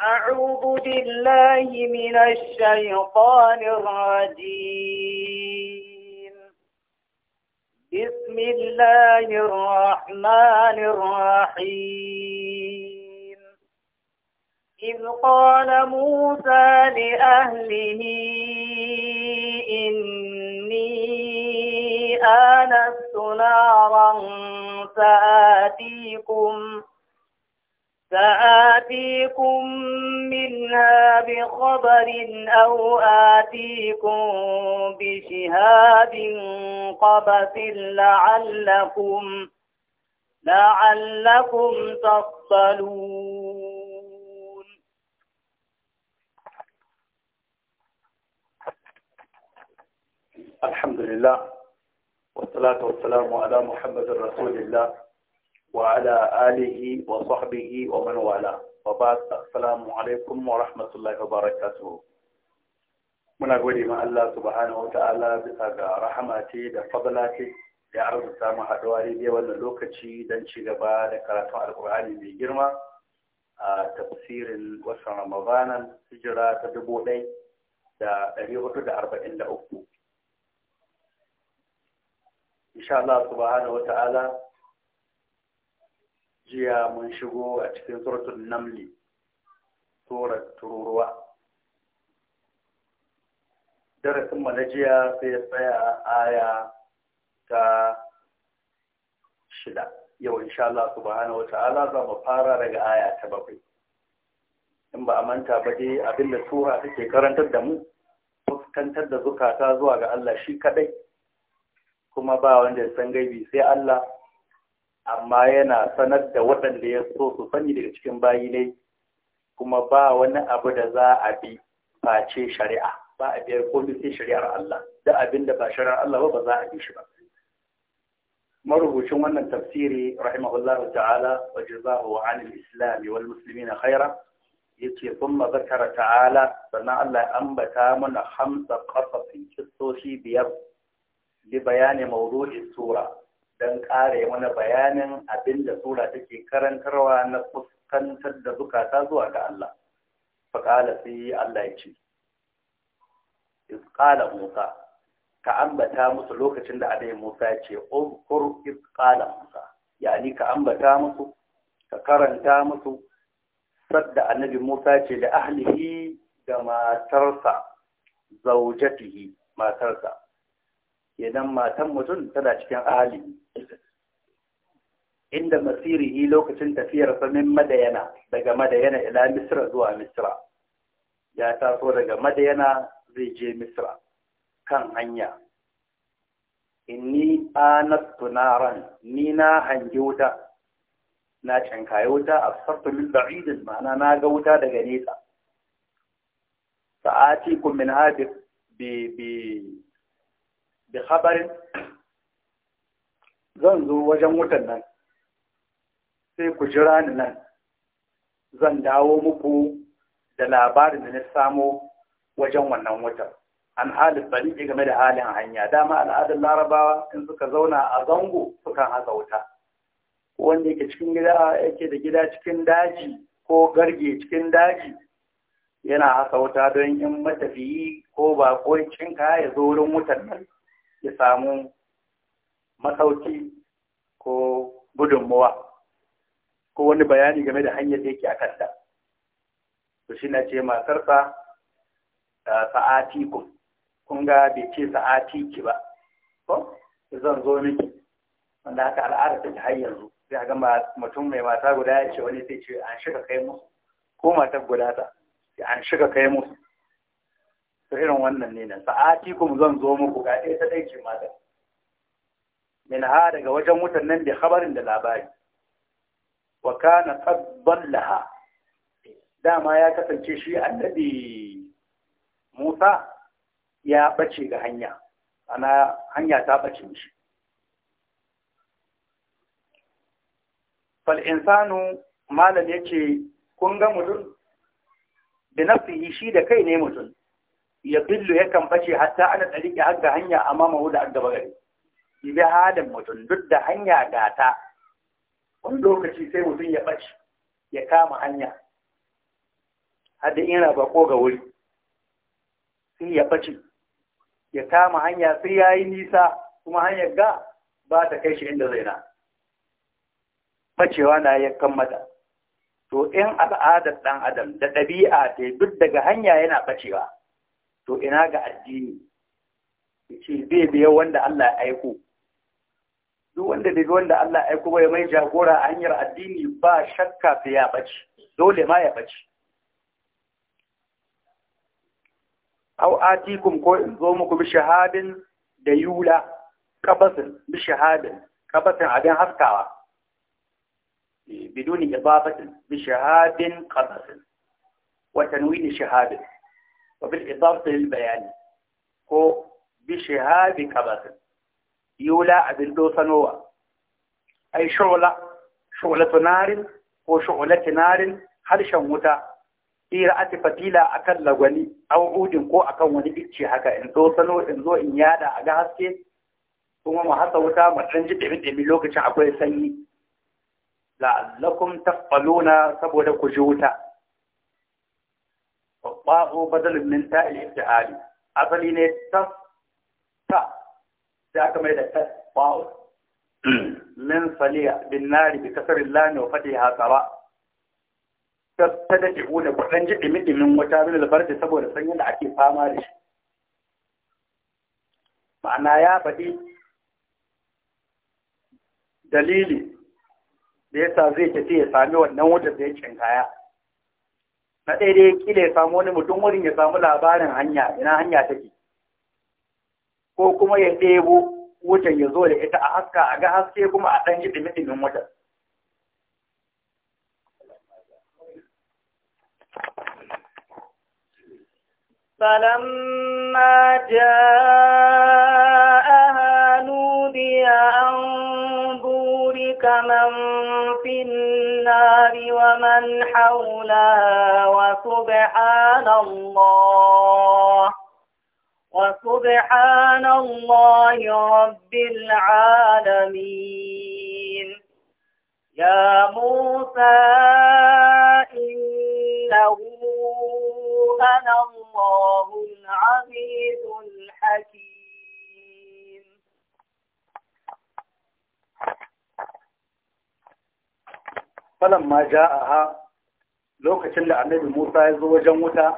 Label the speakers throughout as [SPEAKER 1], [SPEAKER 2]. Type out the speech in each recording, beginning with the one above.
[SPEAKER 1] أعوذ بالله من الشيطان الرجيم بسم الله الرحمن الرحيم إذ قال موسى لأهله إني آنست نارا سآتيكم سآتيكم منها بخبر أو آتيكم بشهاد قبس لعلكم لعلكم تصلون
[SPEAKER 2] الحمد لله والصلاة والسلام على محمد رسول الله وعلى آله وصحبه ومن والاه وبعد السلام عليكم ورحمة الله وبركاته muna gode ma Allah subhanahu wata'ala bisa ga rahama ce da fadla ce da arzuta mu haɗuwa daidai wannan lokaci don ci gaba da karatun alkur'ani mai girma a tafsirin wasan ramadanan hijira ta dubu ɗai da ɗari hudu da arba'in da uku insha Allah subhanahu wata'ala jiya mun shigo a cikin suratul namli surat tururuwa darasin mu na jiya sai ya tsaya aya ta shida yau insha Allah subhanahu wata'ala za mu fara daga aya ta bakwai in ba a manta ba dai da sura take karantar da mu fuskantar da zukata zuwa ga Allah shi kadai kuma ba wanda ya san gaibi sai Allah amma yana sanar da waɗanda ya so su sani daga cikin bayi ne kuma ba wani abu da za a bi face shari'a ba a biyar komai sai shari'ar Allah da abin da ba shari'ar Allah ba ba za a bi shi ba marubucin wannan tafsiri rahimahullahu ta'ala wa jazahu an al-islam wal muslimina khaira yace kuma zakara ta'ala sannan Allah ya ambata mana hamsa qasasin kissoshi biyar li bayani mawdu'i sura don ƙare mana bayanin abin da sura take karantarwa na fuskantar da zukata zuwa ga Allah. Faƙala sai Allah ya ce, Isƙala Musa, ka ambata musu lokacin da adai Musa ya ce, Uzkur Isƙala Musa, yani ka ambata musu, ka karanta musu, sadda annabi Musa ce da ahlihi da matarsa, zaujatihi matarsa. Idan matan mutum tana cikin ahlihi. inda masirihi lokacin tafiyar min madayana daga madayana ila misra zuwa misra ya taso daga madayana zai je misra kan hanya inni anastu naran ni na hangi wuta na cankaye wuta a sartu min ba'idin ma'ana na ga wuta daga nesa sa'ati kun min bi bi khabarin zan zo wajen wutan nan sai ku jira ni nan zan dawo muku da labarin da na samo wajen wannan wutar an halin bariki game da halin hanya dama al'adar larabawa in suka zauna a zango suka haka wuta wanda yake cikin gida yake da gida cikin daji ko garge cikin daji yana haka wuta don in matafiyi ko ba ko cinka ya zo wurin wutar nan ya samu masauki ko gudunmuwa ko wani bayani game da hanyar da yake a kanta to shi na ce sa ah, sa'atikun, kun ga bai ce sa'atiki ba ko zan zo miki wanda haka al'ada ta hanyar yanzu sai a ga mutum mai mata guda ya ce wani sai ce an shiga kai musu ko matar guda ta sai an shiga kai musu to irin wannan ne nan sa'atikun zan zo muku ga ɗaya ta ɗaya ce matar min ha daga wajen wutan nan da habarin da labari wa kana qad Laha, dama ya kasance shi annabi Musa ya bace ga hanya ana hanya ta bace mishi fal insanu malam yace kun ga mutum da nafsihi shi da kai ne mutum ya billu yakan bace hatta ana tsariki har ga hanya amma mahu da gaba gari bi halin mutum duk da hanya gata wani lokaci sai mutum ya ɓace ya kama hanya hadda yana bako ga wuri sai ya ɓace ya kama hanya sai ya yi nisa kuma hanyar ga ba ta kai shi inda zai na ɓacewa na ya kammata to in al'adar ɗan adam da ɗabi'a ta duk daga hanya yana ɓacewa to ina ga addini ya ce zai biya wanda Allah ya aiko duk wanda da wanda Allah ya aiko ya mai jagora a hanyar addini ba shakka fi ya bace dole ma ya bace aw atikum ko in zo muku bi shahadin da yula qabasin bi shahadin qabasin abin haskawa e, biduni idafatin bi shahadin qabasin wa tanwin shahadin wa bil idafati lil bayan ko bi shahadin qabasin yula abin dosanowa ai shola sholatu narin ko sholati narin harshen wuta ira ati fatila akan lagwani aw udin ko kan wani bicci haka in dosano in zo in yada a ga haske kuma mu hasa wuta mu dan ji dimi dimi lokacin akwai sanyi la'allakum taqbaluna saboda ku ji wuta babu badalin min ta'il ibtiali asali ne ta ta sai aka mai da tasba'u min saliya bin nari bi kasar lami wa fadi hasara ta da ke da kudin ji dimi-dimin wata bin albarci saboda sanyin da ake fama da shi ma'ana ya faɗi dalili da yasa zai tafi ya sami wannan wutar da ya cinkaya na ɗaya dai kila ya samu wani mutum wurin ya samu labarin hanya ina hanya take ko kuma ya ɗebo wutan ya zo da ita a haska a ga haske kuma a ɗan ji ɗimi-ɗimin wutan.
[SPEAKER 1] فلما جاءها نودي أن بورك من في النار ومن حولها وسبحان الله وسبحان الله رب العالمين يا موسى إنه أنا الله العزيز الحكيم
[SPEAKER 2] فلما جاءها لوكتن النبي موسى يزوج موسى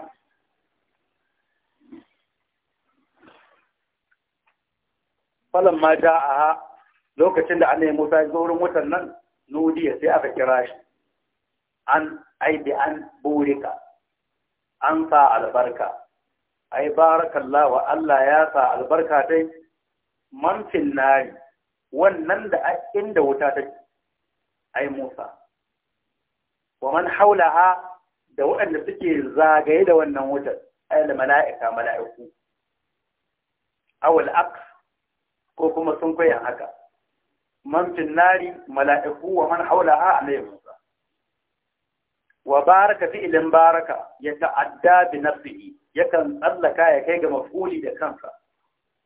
[SPEAKER 2] falon ma ja a lokacin da annabi Musa ya zo wurin nan nudiya sai aka kira shi an aibi an burika an sa albarka ai barakallahu Allah ya sa albarka dai man nari wannan da inda wuta ta ai Musa wa man haulaha da waɗanda suke zagaye da wannan wutar ai mala'ika mala'iku awal aqs ko kuma sun koya haka man fil nari mala'iku wa man haulaha alayhi musa wa baraka ilin baraka ya ta'adda bi nafsihi yakan tsallaka ya kai ga mafuli da kansa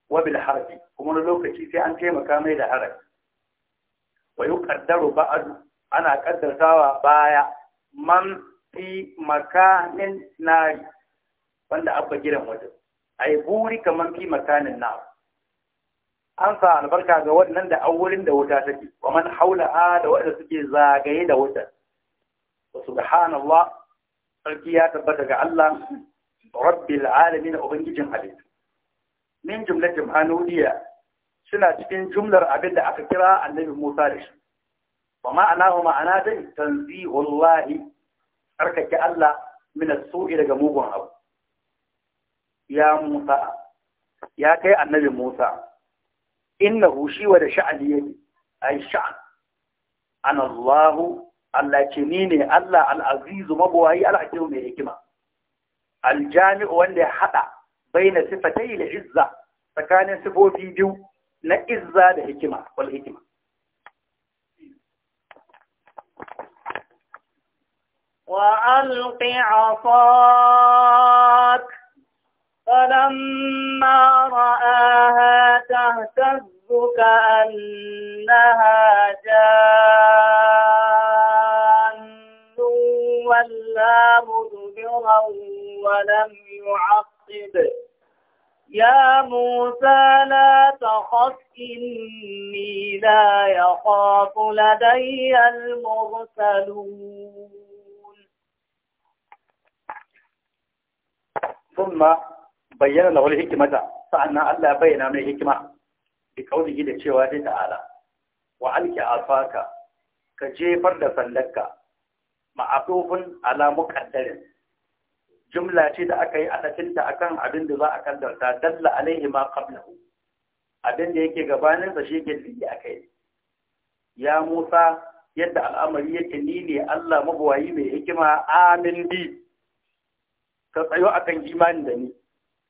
[SPEAKER 2] wa bil harfi kuma wani lokaci sai an taimaka mai da harafi wa yuqaddaru ba'du ana kaddartawa baya man fi makanin nari wanda abba gidan wajen ai buri kaman fi makanin nari an sa albarka ga waɗannan da awurin da wuta take wa man haula a da waɗanda suke zagaye da wuta wa subhanallah sarki ya tabbata ga Allah rabbil alamin ubangijin halittu min jumlatin hanuriya suna cikin jumlar abin da aka kira annabi Musa da shi wa ma'ana wa ma'ana dai tanzihullahi tsarkake Allah min as-su'i daga mugun abu ya Musa ya kai annabi Musa إنه شيء ولا شعن أي شعر أنا الله الله كنيني الله العزيز ما بو أي الله كنيني هكما الجامع واللي حدا بين صفتي العزة فكان يصفه فيديو ديو لإزة لهكما والهكما
[SPEAKER 1] وألقي عصاك فلما رآها تهتز كأنها جان ولا مدبرا ولم يعقب يا موسى لا تخف إني لا يخاف لدي المرسلون
[SPEAKER 2] ثم bayyana lahu hikimata sa'annan Allah ya bayyana mai hikima bi kaulihi da cewa dai ta'ala wa alki afaka ka jefar da sallarka ma'atufun ala muqaddarin jumla ce da aka yi alatinta akan abin da za a kaddarta dalla alaihi ma qablahu abin da yake gabanin sa shi ke akai ya Musa yadda al'amari yake ni ne Allah mabuwayi mai hikima amin bi ka tsayo akan imani da ni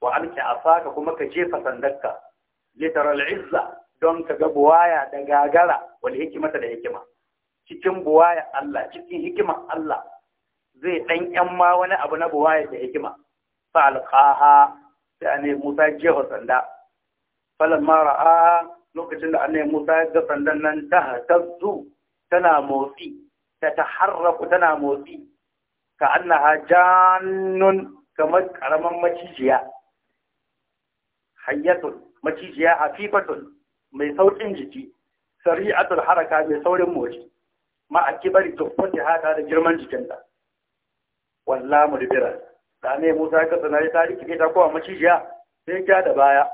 [SPEAKER 2] wa alki asaka kuma ka jefa sandarka literal izza don ka ga buwaya da gagara wal hikimata da hikima cikin buwaya Allah cikin hikima Allah zai dan yan ma wani abu na buwaya da hikima fa alqaha da ne Musa jefa sanda ma ra'a lokacin da annabi Musa ya ga sandan nan ta tazzu tana motsi ta taharraku tana motsi ka annaha jannun kamar karaman macijiya hayyatun macijiya hafifatun mai saukin jiki sari'atul haraka mai saurin motsi ma a kibari tuffati hata da girman jikinta walla mudbira da ne Musa ka tsana ta rike ta kowa macijiya sai ja da baya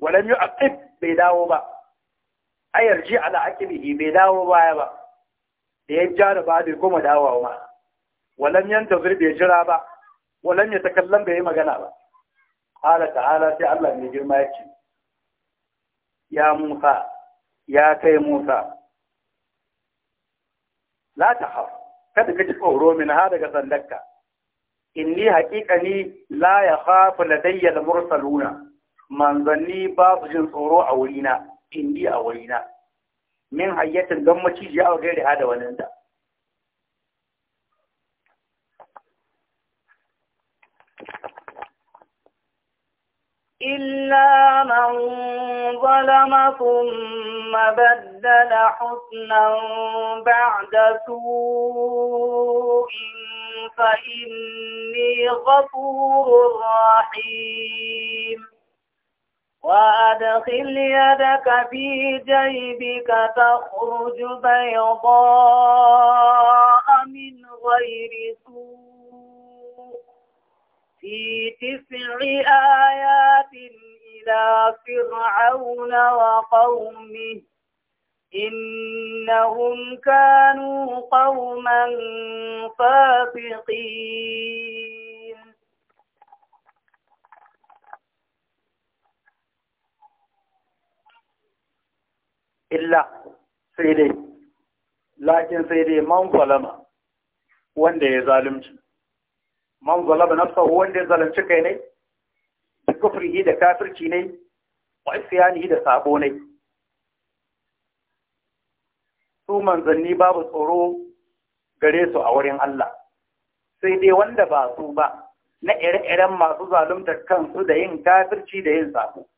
[SPEAKER 2] walam aqib bai dawo ba ayarji ala aqibihi bai dawo baya ba da ya jara da bai kuma dawowa ma walam yanta zurbe jira ba walam yatakallam bai magana ba Ƙala ta'ala sai Allah mai girma ya ce, Ya Musa, ya kai Musa, la ta hau, kada ka ji tsoro min ha daga sandarka, inni ni la ya hafi ladayyar mursaluna, manzanni su jin tsoro a wurina, inni a wurina, min hayyatin don maciji wa gairi ha da waninta.
[SPEAKER 1] إلا من ظلم ثم بدل حسنا بعد سوء فإني غفور رحيم وأدخل يدك في جيبك تخرج بيضاء من غير سوء في تسع آيات إلى فرعون وقومه إنهم كانوا قوما فاسقين
[SPEAKER 2] إلا سيدي لكن سيدي من ظلم وان ده ظالمش man zalaba nafsahu wanda ya zalunci kai ne da kufrihi da kafirci ne wa isyanihi da sabo ne su manzanni babu tsoro gare su a wurin Allah sai dai wanda ba su ba na ire-iren masu zalunta kansu da yin kafirci da yin sabo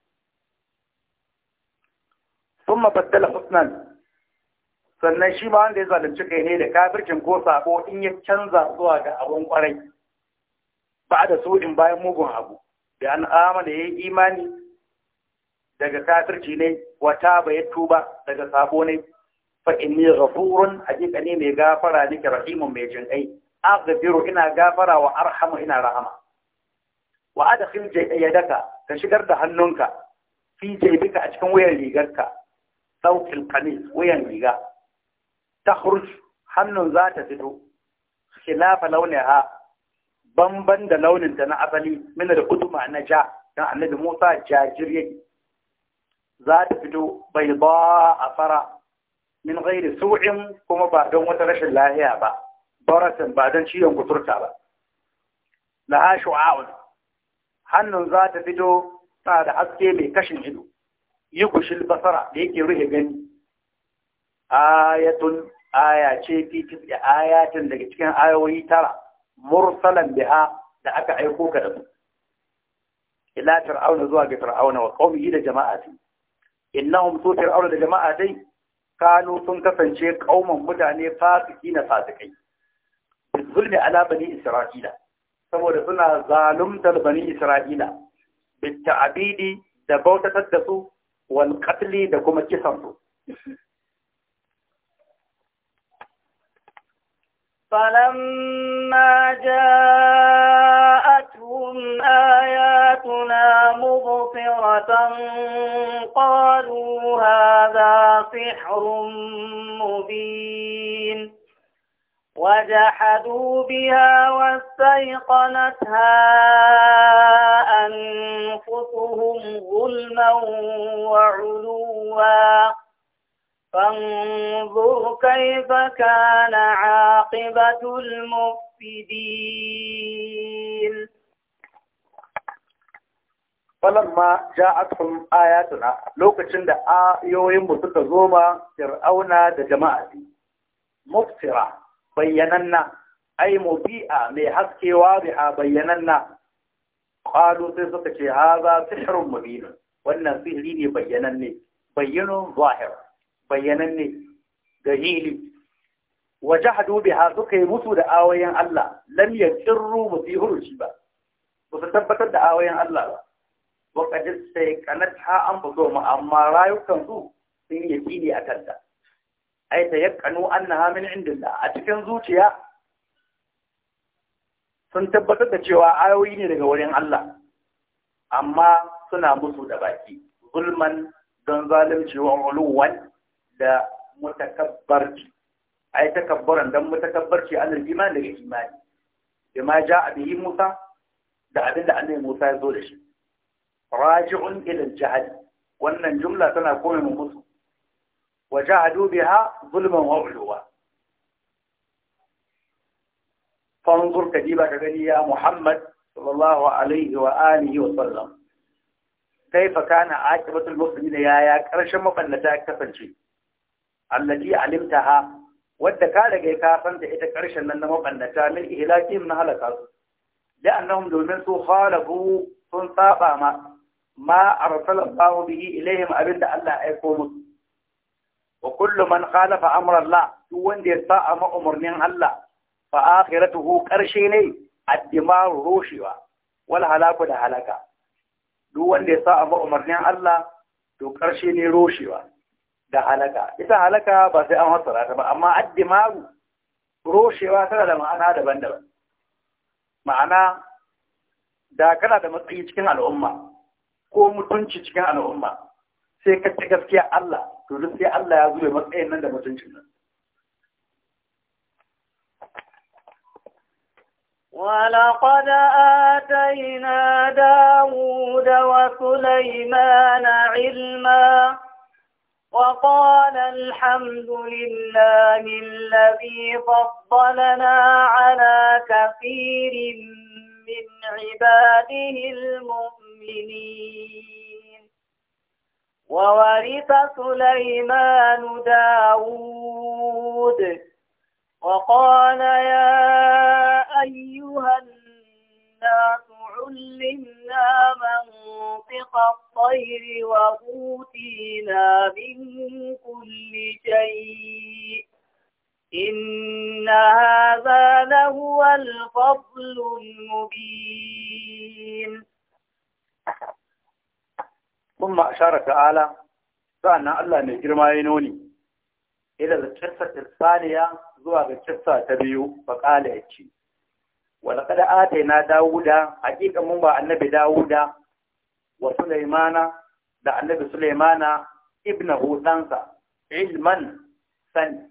[SPEAKER 2] sun mabaddala husnan sannan shi ma wanda ya zalunci kai ne da kafircin ko sabo in ya canza zuwa ga abun kwarai ba da in bayan mugun abu da an amana ya yi imani daga kafirci ne wata ba ya tuba daga sabo ne fa inni ghafurun hakika ne mai gafara nake rahimun mai jin kai aghfiru ina gafara wa arhamu ina rahama wa adkhil yadaka ka shigar da hannunka fi jaybika a cikin wayan rigarka sautil qamis wayan riga takhruj hannun za ta fito khilafa launaha bamban da launin ta na asali mina da kutuma na ja dan annabi Musa jajir yake za ta fito bai ba a fara min gairi su'in kuma ba don wata rashin lahiya ba baratin ba don ciwon kuturta ba ha shu'a'un hannun za ta fito ta da haske mai kashin ido yi kushin basara da yake ruhe gani ayatun aya ce fi da ayatin daga cikin ayoyi tara mursalan biha da aka aiko ka da su ila fir'auna zuwa ga fir'auna wa qaumihi da jama'ati innahum su fir'auna da jama'a dai kanu sun kasance qauman mutane fasiki na fasikai zulmi ala bani isra'ila saboda suna zaluntar bani isra'ila bitta'abidi da bautatar da su wal qatli da kuma kisan su
[SPEAKER 1] فلما جاءتهم آياتنا مبصرة قالوا هذا سحر مبين وجحدوا بها واستيقنتها أنفسهم ظلما وعلوا فانظر كيف كان عاقبة المفسدين
[SPEAKER 2] فلما جاءتهم آياتنا لوك تشند آيوهم متكذوما فرعون دجماعة مفسرة بيننا أي مبيئة لحسك واضحة بيننا قالوا تسكتي هذا سحر مبين وانا فيه ليني بيننا بين ظاهر bayyananne dalili waje wa biha suka yi musu da awayen Allah lam yaqirru musihurushi ba ba su tabbatar da awayen Allah ba wa qad kanata an mu amma rayukan su sun yaqini a kanta ai ta yaqanu annaha min indillah a cikin zuciya sun tabbatar da cewa ayoyi ne daga wurin Allah amma suna musu da baki zulman don zalunci wa uluwan da متكبرت أي تكبرا دم متكبرت عن الإيمان للإيمان بما جاء به موسى دع عند عن موسى زولش راجع إلى الجهل وأن الجملة تنقوم من موسى وجعلوا بها ظلما وعلوا فانظر كديبا كبيري يا محمد صلى الله عليه وآله وسلم كيف كان عاقبة المسلمين يا يا كرشم فنتاك تفنشي allati alimtaha wadda ka daga ka san da ita karshen nan na mabannata min ihlakim na halaka su la'annahum domin su khalafu sun saba ma ma arsala Allahu bihi ilaihim abinda Allah aiko musu wa kullu man khalafa amra Allah duk wanda ya sa'a ma umarnin Allah fa akhiratuhu karshe ne addimar rushewa wal halaku da halaka duk wanda ya sa'a ma umarnin Allah to karshe ne rushewa da halaka ita halaka ba sai an hatsara ta ba amma addimaru roshewa tana da ma'ana daban-daban ma'ana da kana da matsayi cikin al'umma ko mutunci cikin al'umma sai ka ci gaskiya Allah to duk sai Allah ya zube matsayin nan da mutuncin nan
[SPEAKER 1] ولقد آتينا داود وسليمان علما وقال الحمد لله الذي فضلنا على كثير من عباده المؤمنين وورث سليمان داود وقال يا أيها الناس علمنا منطق الطير وأوتينا من كل شيء إن هذا لهو الفضل المبين ثم
[SPEAKER 2] أشار تعالى فأنا الله ما ينوني إلى القصة الثانية ذو القصة تبيو فقال أتشي na Dawuda? hakika mun ba Annabi Dawuda wa وسليمان da annabi Sulaimana ibna ɗansa ilman sani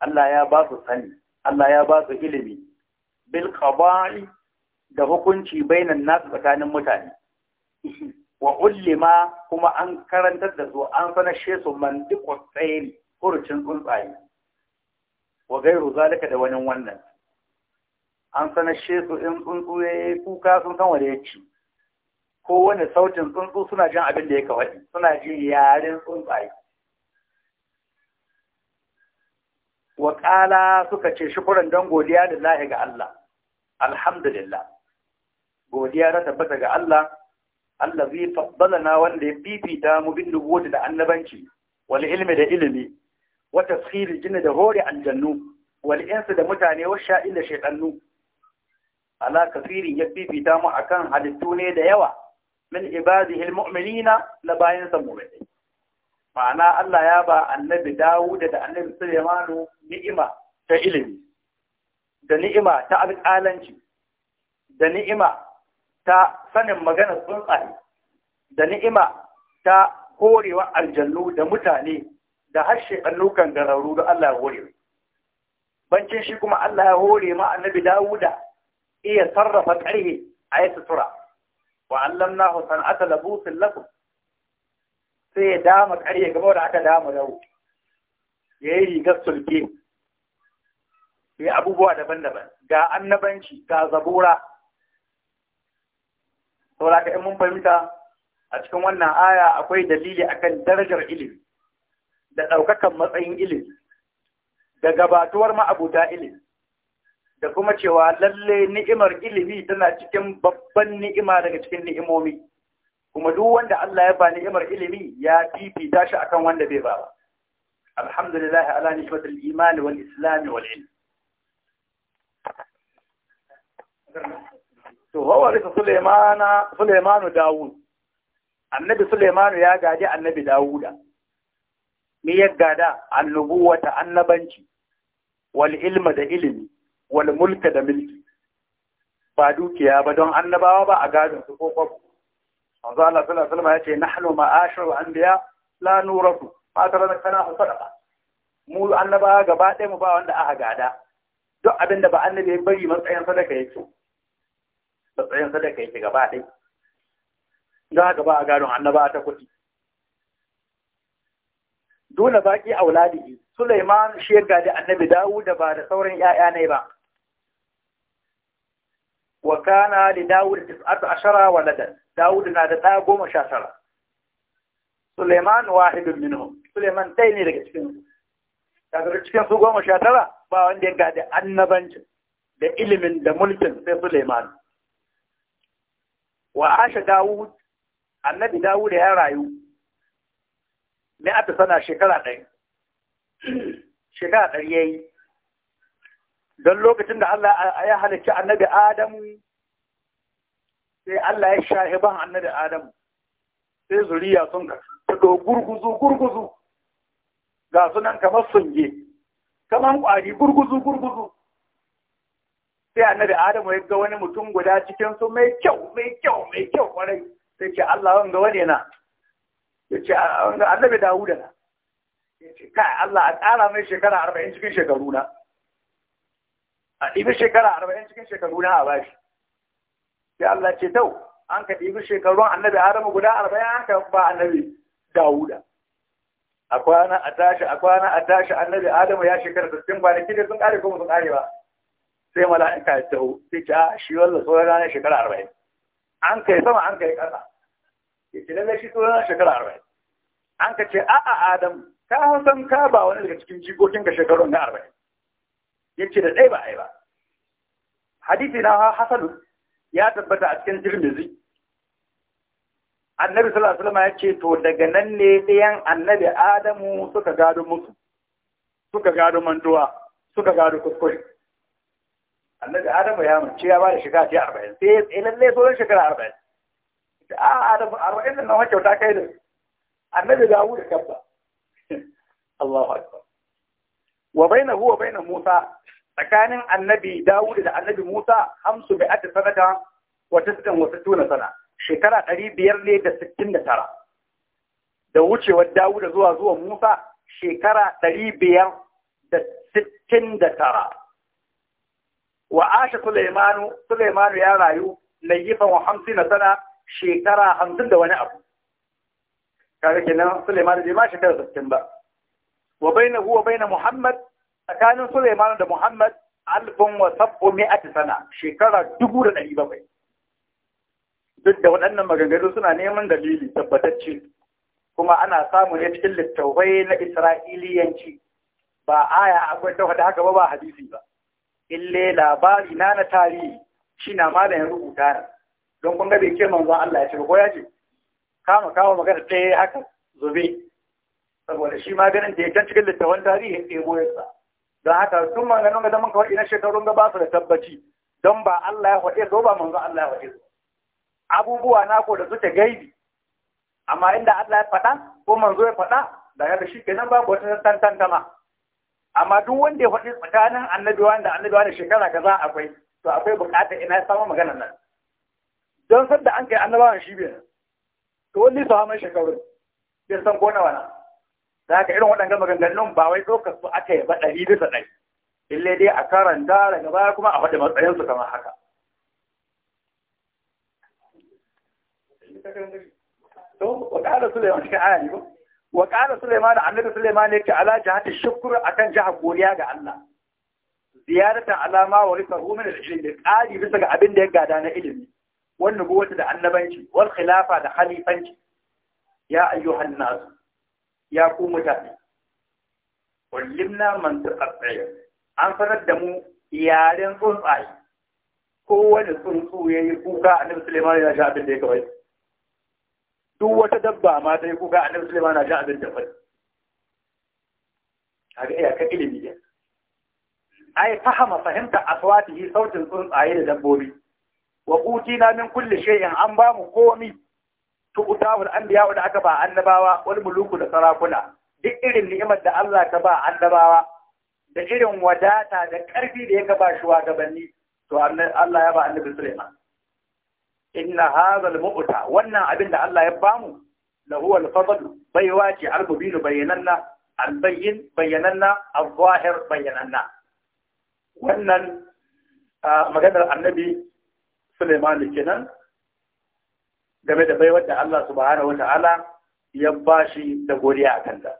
[SPEAKER 2] Allah ya ba su sani Allah ya ba su ilimi bil qaba'i da hukunci bainan nasu tsakanin mutane wa ulima kuma an karantar da su an sanashe su man duk tsayin furucin tsuntsaye wa gairu zalika da wani wannan an sanashe su in tsuntsu ya yi kuka sun san wanda ya ci kowane sautin tsuntsu suna jin abin da ya kawai suna jin yaren tsuntsaye waƙala suka ce shukuran don godiya da lahi ga Allah alhamdulillah godiya na tabbata ga Allah Allah zai na wanda ya fifita mu bin da annabanci wal ilmi da ilimi wata tsiri jini da hore aljannu wal insu da mutane wa sha'il da shaytanu ala kafirin ya fifita mu a kan halittu ne da yawa min ibadi ilmu'minina na bayan sa mu'minai ma'ana Allah ya ba annabi Dawud da annabi Manu ni'ima ta ilimi da ni'ima ta alƙalanci da ni'ima ta sanin maganar tsuntsaye da ni'ima ta horewa aljannu da mutane da harshe annukan gararu da Allah ya hore bancin shi kuma Allah ya hore ma annabi Dawuda iya sarrafa ƙarhe a yi sutura wa allamna hu san'ata labusin lakum sai ya dama ƙarhe gaba da aka dama yau ya yi rigar sulke ya yi abubuwa daban-daban ga annabanci ga zabura saboda ka mun fahimta a cikin wannan aya akwai dalili akan darajar ilimi da ɗaukakan matsayin ilimi da gabatuwar ma'abuta ilimi da kuma cewa lalle ni'imar ilimi tana cikin babban ni'ima daga cikin ni'imomi kuma duk wanda Allah ya ba ni'imar ilimi ya fifita shi akan wanda bai ba alhamdulillah ala ni'matil iman wal islam wal ilm to huwa rika sulaimana sulaimanu dawud annabi sulaimanu ya gaji annabi dawuda me ya gada annubuwata annabanci wal ilma da ilimi wal mulka da milki. ba dukiya ba don annabawa ba a gadon su ko kwabu manzo Allah sallallahu alaihi wasallam ya ce nahnu an anbiya la nuratu ma tara da kana sadaqa mu annabawa gaba ɗaya mu ba wanda aka gada duk abinda ba annabi ya bari matsayin sadaka yake matsayin sadaka yake gaba ɗaya don haka ba a gadon annabawa ta kuɗi dole baki auladihi Sulaiman shi ya gadi annabi Dawud da ba da sauran 'ya'ya ne ba wa kana li Dawud tis'atu ashara waladan Dawud na da ɗa goma sha tara Suleiman wahidun minhum Suleiman dai ne daga cikin su daga cikin su goma sha tara ba wanda ya gada annabanci, da ilimin da mulkin sai Suleiman wa asha Dawud annabi Dawud ya rayu ne ata sana shekara ɗari shekara ɗari yayi don lokacin da Allah ya halicci annabi Adamu sai Allah ya ban annabi Adamu sai zuriya sun ka to gurguzu gurguzu ga sunan kamar sunge kaman kwari gurguzu gurguzu sai annabi Adamu ya ga wani mutum guda cikin su mai kyau mai kyau mai kyau kwarai sai ce Allah wanga wane na wanga annabi Dawuda na Ya ce kai Allah a ƙara mai shekara 40 cikin shekaru na a ɗibi shekara arba'in cikin shekaru na a bashi sai Allah ce tau an ka ɗibi shekarun annabi Adamu guda arba'in an ka ba annabi Dawuda a kwana a tashi a kwana a tashi annabi Adamu ya shekara sassan ba da sun ƙare kuma sun ƙare ba sai mala'ika ya tau sai ce a shi wanda sauran ranar shekara arba'in an kai sama an kai ƙasa ya ce lallai shi sauran ranar shekara arba'in an ka ce a'a Adamu ka san ka ba wani daga cikin jikokin ka shekarun na arba'in yace da dai ba ai ba hadisi na hasan ya tabbata a cikin tirmizi annabi sallallahu alaihi wasallam yace to daga nan ne ɗayan annabi adamu suka gado musu suka gado mantuwa suka gado kuskure annabi adamu ya mace ya ba da shiga ta arba'in sai ya tsaye lallai sauran shekara arba'in a ah, adamu arba'in nan na kyauta kai da annabi da kabba Allahu akbar wa bainahu wa bain Musa tsakanin annabi Dawud da annabi Musa hamsu bi at sanata wa tisdan wa sittuna sana shekara ɗari biyar ne da sittin da tara da wucewar Dawud zuwa zuwa Musa shekara ɗari biyar da sittin da tara wa asha Sulaimanu ya rayu layyifan wa hamsin sana shekara da wani abu ba wa bainahu wa bain Muhammad tsakanin Sulaiman da Muhammad alfun wa sab'u mi'ati sana shekara dubu da bakwai duk da waɗannan maganganu suna neman dalili tabbatacce kuma ana samu ne cikin littattafai na Isra'iliyanci ba aya akwai ta faɗa haka ba ba hadisi ba ille labari na na tarihi shi na ma da ya rubuta na don kun ga bai ce manzon Allah ya ce ko ya ce kama kawo magana ɗaya haka zube saboda shi maganin da ya can cikin littafan tarihin ɗebo sa don haka sun maganin ga zaman kawai na shekarun gaba su da tabbaci don ba Allah ya faɗe zo ba manzo Allah ya haɗe zo abubuwa na ko da suke gaibi amma inda Allah ya faɗa ko manzo ya faɗa da ya shi kenan babu wata tantantama amma duk wanda ya faɗi tsakanin annabiwa da annabiwa da shekara za akwai to akwai buƙatar ina ya samu maganar nan don sadda an kai annabawan shi biyar to wani su haman shekarun bai san ko nawa na da haka irin waɗanda maganganun ba wai ɗaukar su aka yi ba ɗari bisa ɗari illai dai a karanta daga baya kuma a faɗi matsayinsu kamar haka وقال Suleiman da وقال Suleiman عن ya يك على جهة shukuru akan jihar قوليا ga Allah ziyarata alama wa rifahu rumin da ilimin da tsari bisa ga abin da ya gada na ilimi wannan nubuwata da annabanci wal khilafa da halifanci. ya ayyuhan nasu, ya ku mutane ullimna man
[SPEAKER 1] tsaye
[SPEAKER 2] an sanar da mu yaren tsuntsaye kowane tsuntsu ya yi kuka a nan suleiman ya sha abin da ya kawai duk wata dabba ma ta yi kuka a nan suleiman na sha abin da kawai a ga iyakar ilimi ne ai fahama fahimta aswatihi sautin tsuntsaye da dabbobi wa utina min kulli shay'in an ba mu komi tu'tahul anbiya da aka ba annabawa wal muluku da sarakuna duk irin ni'imar da Allah ta ba annabawa da irin wadata da karfi da ya ba shugabanni to Allah ya ba annabi Sulaiman inna hadha al-mu'ta wannan abin da Allah ya bamu lahu al-fadl baiwa ce al-mubin bayananna al-bayyin bayananna al-zahir bayananna wannan ah, maganar annabi Sulaiman kenan game da baiwar da Allah subhanahu wata'ala ta'ala ya bashi da godiya a kanta.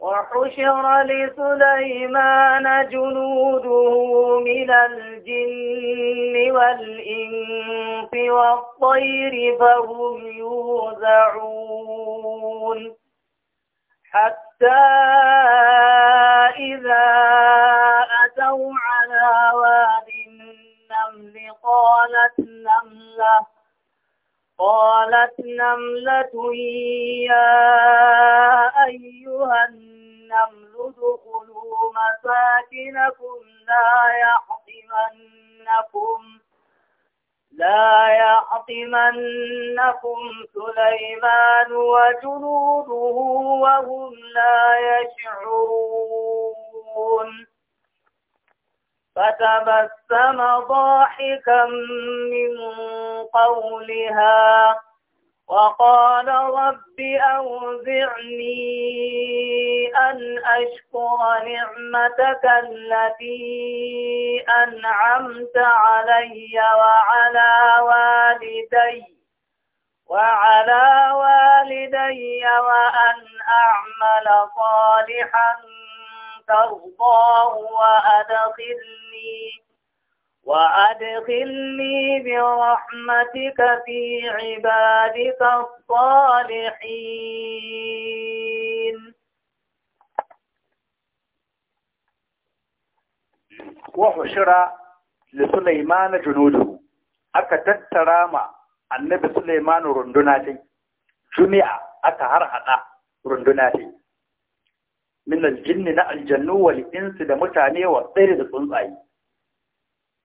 [SPEAKER 1] وحشر لسليمان جنوده من الجن والإنس والطير فهم يوزعون حتى إذا نملة يا أيها النمل ادخلوا مساكنكم لا يحطمنكم لا يحطمنكم سليمان وجنوده وهم لا يشعرون فتبسم ضاحكا من قولها وقال رب أوزعني أن أشكر نعمتك التي أنعمت علي وعلى والدي وعلى والدي وأن أعمل صالحا ترضاه وأدخلني وأدخلني برحمتك في عبادك الصالحين
[SPEAKER 2] وحشر لسليمان جنوده aka tattara ma annabi Suleiman runduna ce, Jumi'a aka har hada runduna ce, min aljinni na aljannu wal da mutane wa tsere da tsuntsaye.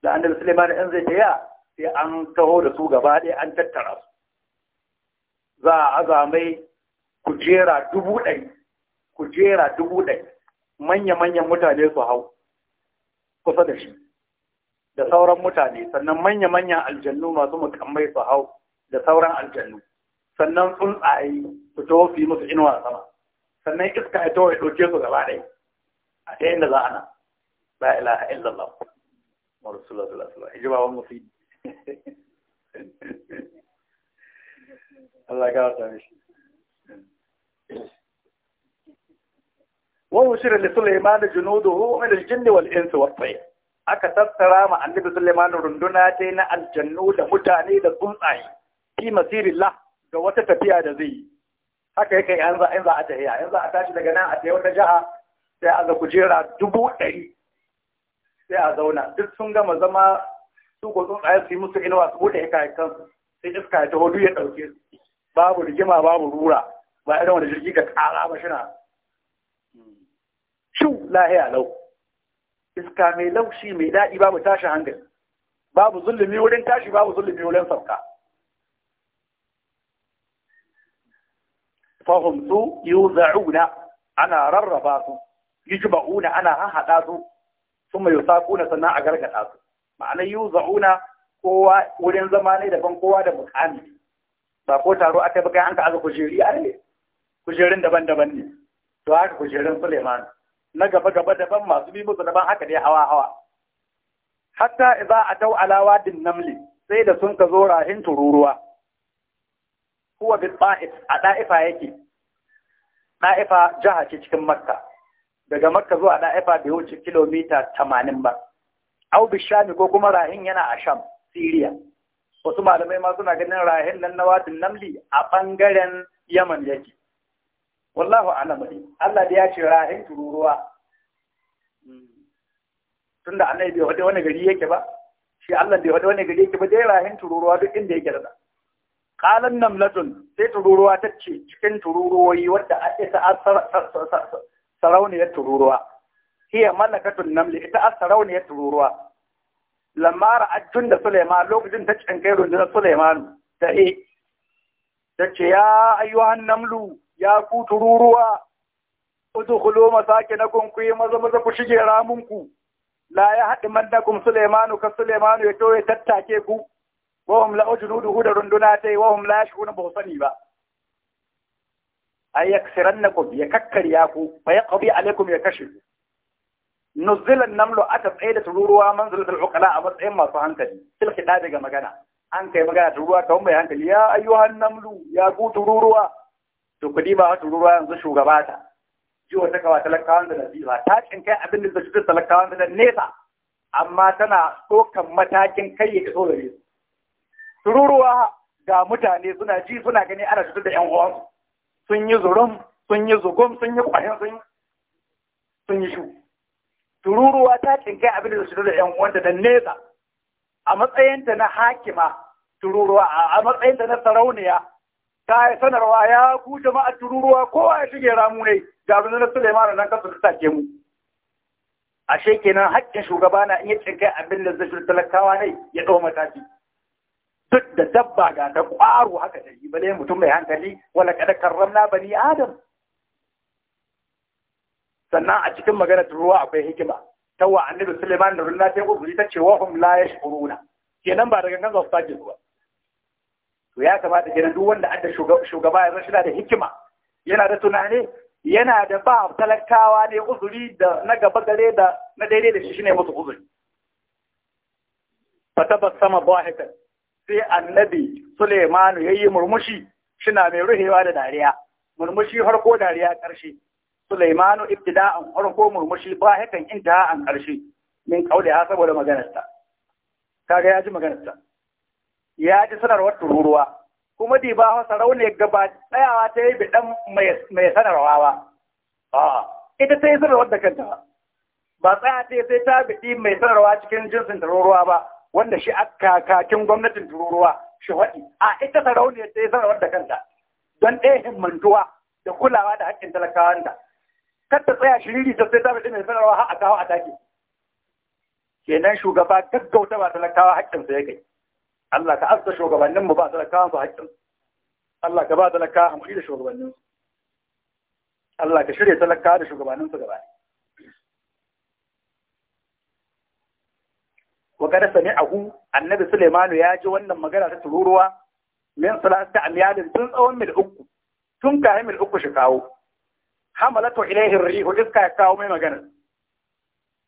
[SPEAKER 2] da annabi Sulaiman in zai taya sai an taho da su gaba ɗaya an tattara su za a azamai kujera dubu ɗari kujera dubu ɗari manya-manyan mutane su hau kusa da shi da sauran mutane sannan manya-manyan aljannu masu mukammai su hau da sauran aljannu sannan tsuntsaye su taho su yi musu inuwa sama sannan iska ya taho ya ɗauke su gaba ɗaya a ta da za a na la ilaha illallah رسول الله صلى الله عليه وسلم الله كارتا مش وهو شر لسليمان جنوده من الجن والإنس والطير أكثر سرامة عن النبي سليمان رندنا رندناتين الجنود متاني ذا قنعي في مسير الله جوات تبيع ذي هكا هكا ينزع ينزع أتهيا ينزع أتاش لغناء أتهيا وتجاها سيأذى كجيرا دبو أي sai a zauna duk sun gama zama su ko sun tsaya su yi musu inuwa su bude hikayen sai iska ya taho ya ɗauke su babu rigima babu rura ba irin wani jirgi ga ƙara ba shi na shu lahiya lau iska mai laushi mai daɗi babu tashi hankali babu zulumi wurin tashi babu zulumi wurin sauka fahimtu yuza'una ana rarraba su yujba'una ana hahada su kuma yusaquna sannan a gargada su ma'ana za'una kowa wurin zama ne daban kowa da mukami ba ko taro aka kai an ka aka kujeri a ne kujerin daban-daban ne to haka kujerin Suleiman na gaba gaba daban masu bi musu daban haka dai hawa hawa hatta a atau alawa din namli sai da sun ka zo rahin tururuwa Kuwa bi ta'if a da'ifa yake Ɗa'ifa jaha ce cikin makka daga makka zuwa ɗa'ifa bai wuce kilomita tamanin ba au bishami ko kuma rahin yana a sham siriya wasu malamai ma suna ganin rahin nan na watin namli a ɓangaren yaman yake wallahu alam ne Allah da ya ce rahin tururuwa tunda Allah bai wada wani gari yake ba shi Allah bai wada wani gari yake ba dai rahin tururuwa duk inda yake da qalan namlatun sai tururuwa ta ce cikin tururuwoyi wadda a isa sarauniyar tururuwa hiya malakatun namli ita as sarauniyar tururuwa lamara ajun da Sulaiman lokacin ta cinkai rundunar Sulaiman ta e ta ce ya ayyuhan namlu ya ku tururuwa udkhulu masakinakum ku kuyi maza maza ku shige ramunku la ya haɗi mandakum sulaiman ka sulaiman ya to ya tattake ku wahum la ajnudu da runduna wa hum la yashkuna ba sani ba ay yaksirannakum ya kakkarya ku fa yaqbi alaikum ya kashe nuzilan namlu aka tsaye da tururuwa manzilatul uqala a matsayin masu hankali tilki da daga magana an kai magana tururuwa kawai mai hankali ya ayyuhan namlu ya ku tururuwa to kudi ba tururuwa yanzu shugaba ta ji wata kawa talakawan da nasiba ta kin kai abin da zai talakawan da nesa amma tana ɗaukan matakin kai ya kaso da su tururuwa ga mutane suna ji suna gani ana cutar da yan uwansu sun yi zuron, sun yi zugon sun yi kwayan sun sun yi shu tururuwa ta cinkai abin da su da yan uwanta da nesa a matsayinta na hakima tururuwa a matsayinta na sarauniya ta yi sanarwa ya ku jama'a tururuwa kowa ya shige ramu ne ga abin da Suleiman nan kasu ta ke mu ashe kenan haƙƙin shugaba na iya ya cinkai abin da zai talakawa ne ya ɗau mataki duk da dabba ga ta ƙwaro haka ta yi bane mutum mai hankali wala kada karramna bani adam sannan a cikin maganar ruwa akwai hikima ta wa annabi Suleiman da runna ta uzuri ta ce wa hum la yashkuruna kenan ba daga gangan ba ruwa to ya kamata kenan duk wanda adda shugaba ya rashida da hikima yana da tunani yana da ba talakawa ne uzuri da na gaba gare da na daidai da shi shine musu uzuri fatabassama bahikan sai annabi Suleimanu ya yi murmushi shina mai ruhewa da dariya murmushi harko dariya ƙarshe Suleimanu ibtida'an harko murmushi ba hakan an ƙarshe min kauliha saboda maganarta kaga ya ji maganarta ya ji sanarwar tururuwa kuma di ba sarauniya gaba tsayawa ta yi bidan mai sanarwa ba a'a ita ta yi sanarwar da kanta ba tsaya ta sai ta biɗi mai sanarwa cikin jinsin tururuwa ba wanda shi kakin gwamnatin tururuwa shi waɗi a ita sarauniyar ta yi sanarwar da kanta don ɗaya himmantuwa da kulawa da haƙƙin talakawan da kar ta tsaya shiriri ta sai ta fi mai sanarwa har a kawo a take kenan shugaba gaggauta ba talakawa haƙƙinsa ya kai Allah ka azza shugabanninmu ba talakawan su haƙƙin Allah ka ba talakawa hankali da shugabanninsu Allah ka shirya talakawa da shugabanninsu gaba ɗaya wa kada a hu annabi Sulaimanu ya ji wannan magana ta tururuwa min a amyalin tun tsawon mil uku tun kai mil uku shi kawo hamalatu ilaihi rihu iska ya kawo mai magana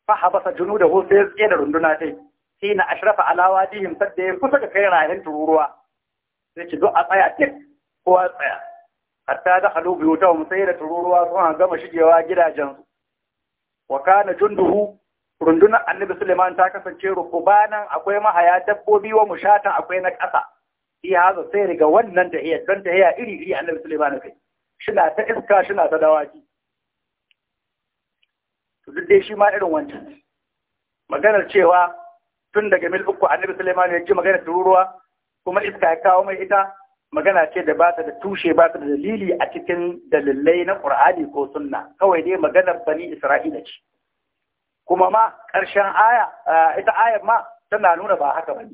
[SPEAKER 2] fa habasa junudahu sai tsaye da runduna sai hina ashrafa ala wadihim sadda ya kusa ga kai rahin tururuwa sai ki zo a tsaya tik a tsaya hatta da halu biyu ta sai tururuwa sun gama shigewa gidajen wa kana junduhu rundunar annabi Suleiman ta kasance rukubanan akwai mahaya dabbobi wa mushatan akwai na ƙasa iya hazo sai riga wannan tahiya don tahiya iri iri annabi Suleiman kai shina ta iska shina ta dawaki to duk dai shi ma irin wancan maganar cewa tun daga mil uku annabi Suleiman ya ji maganar tururuwa kuma iska ya kawo mai ita magana ce da ba da tushe ba da dalili a cikin dalilai na Qur'ani ko sunna kawai dai maganar bani Isra'ila ce kuma ma ƙarshen aya eh, ita ayar ma tana nuna ba haka bane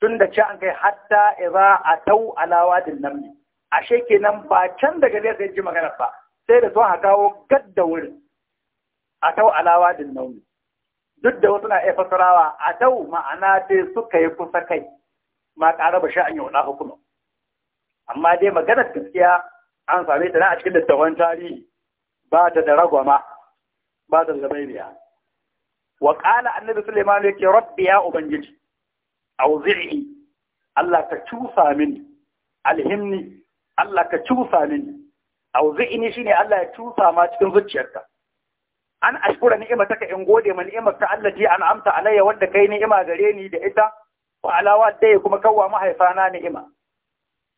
[SPEAKER 2] tun da ci an kai hatta idza atau ala wadin namli ashe kenan ba can daga ne zai ji magana ba sai da sun a kawo gadda wurin atau ala wadin ne. duk da wasu na iya fasarawa atau ma'ana dai suka yi kusa kai ma ƙara ba sha'an yau na hukuma amma dai maganar gaskiya an same ta na a cikin dattawan tarihi ba ta da ragwama ba ta da zama biya wa annabi suleiman yake rabbi ya ubangiji auzi'i Allah ka cusa mini alhimni Allah ka cusa mini shi ne Allah ya cusa ma cikin zuciyarka an ashkura ka in gode ma ni'imarka allati an'amta alayya wanda kai ni'ima gare ni da ita wa alawa dai kuma kawwa mahaifana ni'ima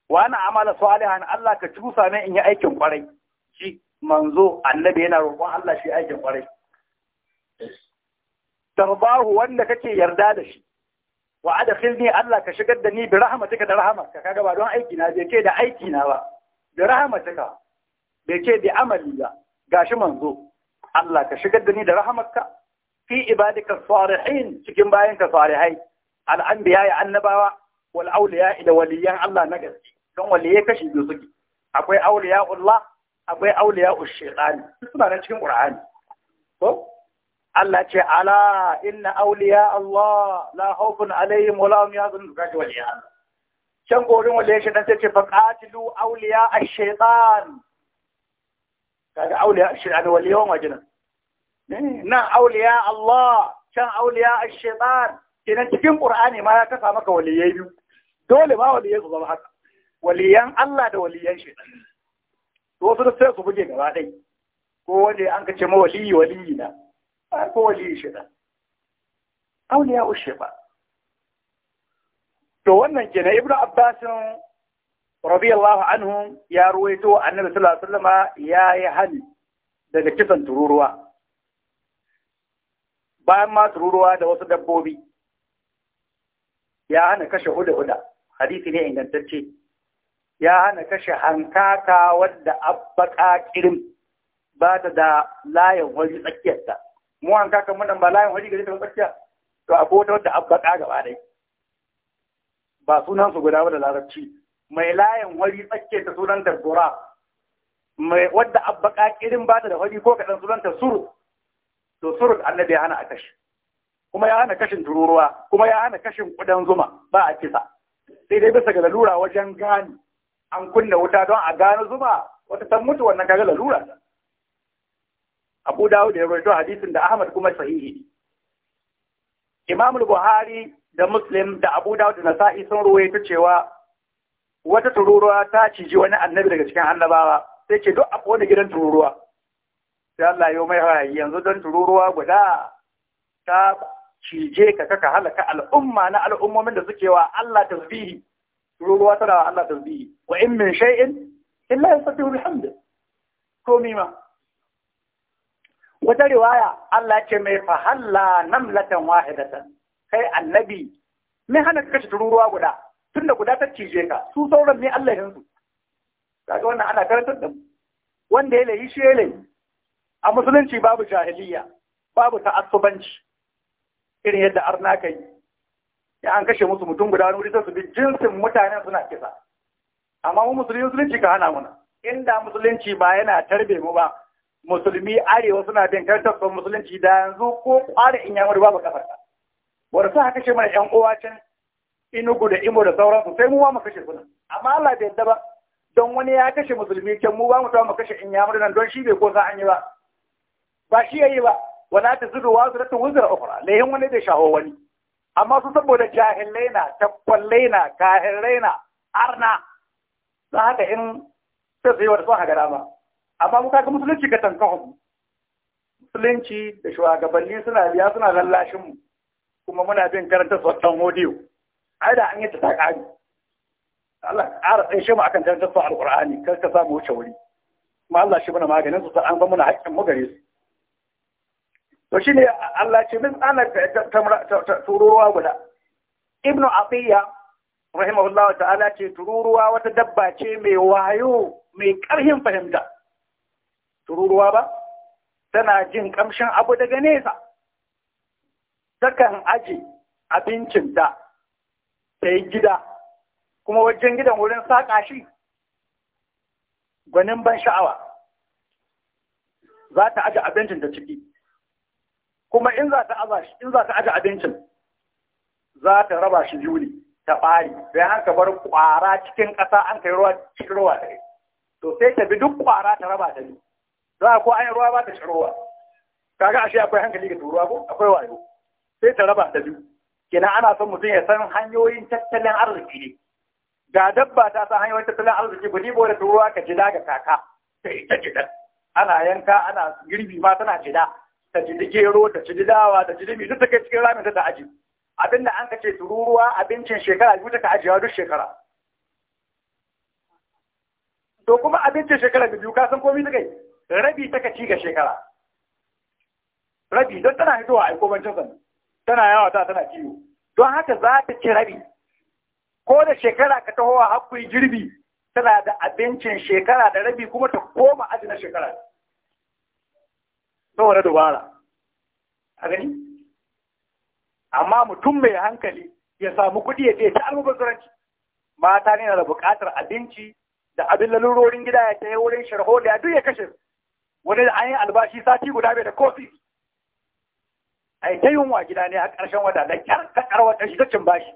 [SPEAKER 2] wa ana amala salihan Allah ka cusa min in yi aikin kwarai shi manzo annabi yana roƙon Allah shi aikin kwarai tarbahu wanda kake yarda da shi wa adkhilni Allah ka shigar da ni bi rahmatika da rahmatka kaga ba don aiki na bai da aiki na ba bi rahmatika bai ce bi amali ba gashi manzo Allah ka shigar da ni da rahmatka fi ibadika salihin cikin bayanka salihai al-anbiya ya annabawa wal awliya da waliyan Allah na gaske don waliye kashi biyu suke akwai awliya Allah akwai awliya ush-shaytan suna nan cikin Qur'ani ko Allah ce ala inna auliya Allah la khawfun alayhim wa lahum yahzanun gaji wal yahzan can gorin wanda shi dan sai ce faqatilu auliya ash-shaytan kaga auliya ash-shaytan wal yawm wajina na auliya Allah can auliya ash-shaytan kenan cikin qur'ani ma ya kasa maka waliyai biyu dole ma waliyai su zama haka waliyan Allah da waliyan shaytan to wasu sai su buge gaba dai ko wanda an kace ma waliyi waliyi na auliya ba? to wannan na ibnu abbasin radiyallahu anhu ya ruwaito annabi sallallahu alaihi wasallama yi hali daga kisan tururuwa bayan ma tururuwa da wasu dabbobi ya hana kashe huda huda hadisi ne ingantacce ya hana kashe hankaka wadda abbaka kirim ba ta da layin wani tsakiyarta mu an kaka mun ba layin wani gari ta bakiya to akwai wata wadda ka gaba dai ba sunan su guda ba da larabci mai layin wari tsakke ta sunan ta gora mai wadda ka kirin ba da wari ko dan sunan ta suru to suru annabi ya hana a kashi kuma ya hana kashin tururuwa kuma ya hana kashin kudan zuma ba a kisa sai dai bisa ga lalura wajen gani an kunna wuta don a gano zuma wata san mutu wannan kaga lalura Abu Dawud ya rawaito hadisin da Ahmad kuma sahihi Imam Buhari da Muslim da Abu Dawud da Nasa'i sun rawaito cewa wata tururuwa ta ciji wani annabi daga cikin annabawa sai ce duk akwai wani gidan tururuwa sai Allah ya mai hayi yanzu don tururuwa guda ta cije ka kaka halaka al'umma na al'ummomin da suke wa Allah tasbihi tururuwa tana wa Allah tasbihi wa in min shay'in illa yasabbihu bihamdi ko ma. wata riwaya Allah ce mai fahalla latan wahidatan kai annabi me hana ka kashe tururuwa guda tunda guda ta cije ka su sauran ne Allah yanzu kaga wannan ana karantar da wanda ya layi shi ya layi a musulunci babu jahiliya babu ta'assubanci irin yadda arna kai ya an kashe musu mutum guda wani wuri sai su bi jinsin mutanen suna kisa amma mu musulunci ka hana muna inda musulunci ba yana tarbe mu ba musulmi arewa suna bin kartar musulunci da yanzu ko kwara in yamur babu kafar ta wanda sun haka ce mana yan uwa can inugu da imo da sauransu sai mu ba mu kashe suna amma Allah bai yadda ba don wani ya kashe musulmi can mu ba mu tawa mu kashe in yamur nan don shi bai ko sa an yi ba ba shi ya yi ba wala ta zudu wa zuratu wuzar ukhra lahin wani bai shaho wani amma su saboda jahilai na takwallai na kahirai na arna za haka in sai su yi wata sun haga dama amma muka ga musulunci ka tankahu musulunci da shugabanni suna biya suna lallashin mu kuma muna bin karanta sautan hodiyo ai da an yi ta takari Allah ƙara tsaye shi mu akan karanta sautan alƙur'ani kar ka samu wuce wuri kuma Allah shi muna maganin su an ba muna haƙƙin mu gare su to shine Allah ce min ana tururuwa guda ibnu afiya rahimahullahu ta'ala ce tururuwa wata dabba ce mai wayo mai ƙarhin fahimta tururuwa ba tana jin kamshin abu daga nesa takan abincin da ta yi gida kuma wajen gidan wurin saƙa shi gwanin ban sha'awa za ta aji abincin da ciki kuma in za ta aji abincin za ta raba shi juli ta ɓari don haka bar ƙwara cikin ƙasa an kai ruwa cikin ruwa da to sai ta bi duk ƙwara ta raba ta biyu Za a ko an ruwa ba ta shirowa kaga ashe akwai hankali ga turuwa ko akwai wayo sai ta raba da biyu kenan ana son mutum ya san hanyoyin tattalin arziki ne ga dabba ta san hanyoyin tattalin arziki ku dibo da turuwa ka jida ga kaka ta ita jida ana yanka ana girbi ma tana jida ta jidi gero ta jidi dawa ta jidi mi duk ta kai cikin ramin ta ta aji abinda an ka ce tururuwa abincin shekara biyu ta ajiyawa duk shekara to kuma abincin shekara biyu ka san komai ta kai rabi taka ci ga shekara rabi don tana hitowa a kobancin sannan tana yawa ta tana ciwo don haka za ta ci rabi ko da shekara ka taho a haƙƙin girbi tana da abincin shekara da rabi kuma ta koma aji na shekara saboda dubara a gani amma mutum mai hankali ya samu kuɗi ya ce ta almubazzaranci mata ne na da buƙatar abinci da abin lalurorin gida ya ta yi wurin shirho da duk ya kashe su wani da an yi albashi sati guda bai da kofi yi ta yunwa gida ne a ƙarshen wata da ƙyar ta wata shi shiga cin bashi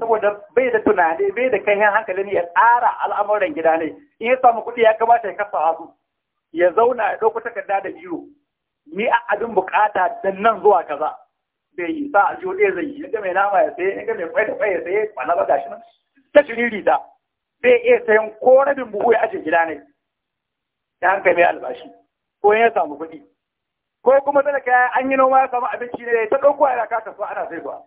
[SPEAKER 2] saboda bai da tunani bai da kanyan hankali ne ya tsara al'amuran gida ne in ya samu kuɗi ya kamata ya kasa hasu ya zauna ya ɗauko takarda da biyu. ni a abin bukata da nan zuwa kaza bai yi sa a jiyo ɗaya zai yi ga mai nama ya saye ga mai kwai da kwai ya saye na ba gashi nan ta shiriri rita. bai iya sayan ko rabin buhu ya ajiye gida ne da an mai albashi ko ya samu kuɗi ko kuma zai ya an yi noma ya samu abinci ne ta ɗauko a raka kasuwa ana sai zuwa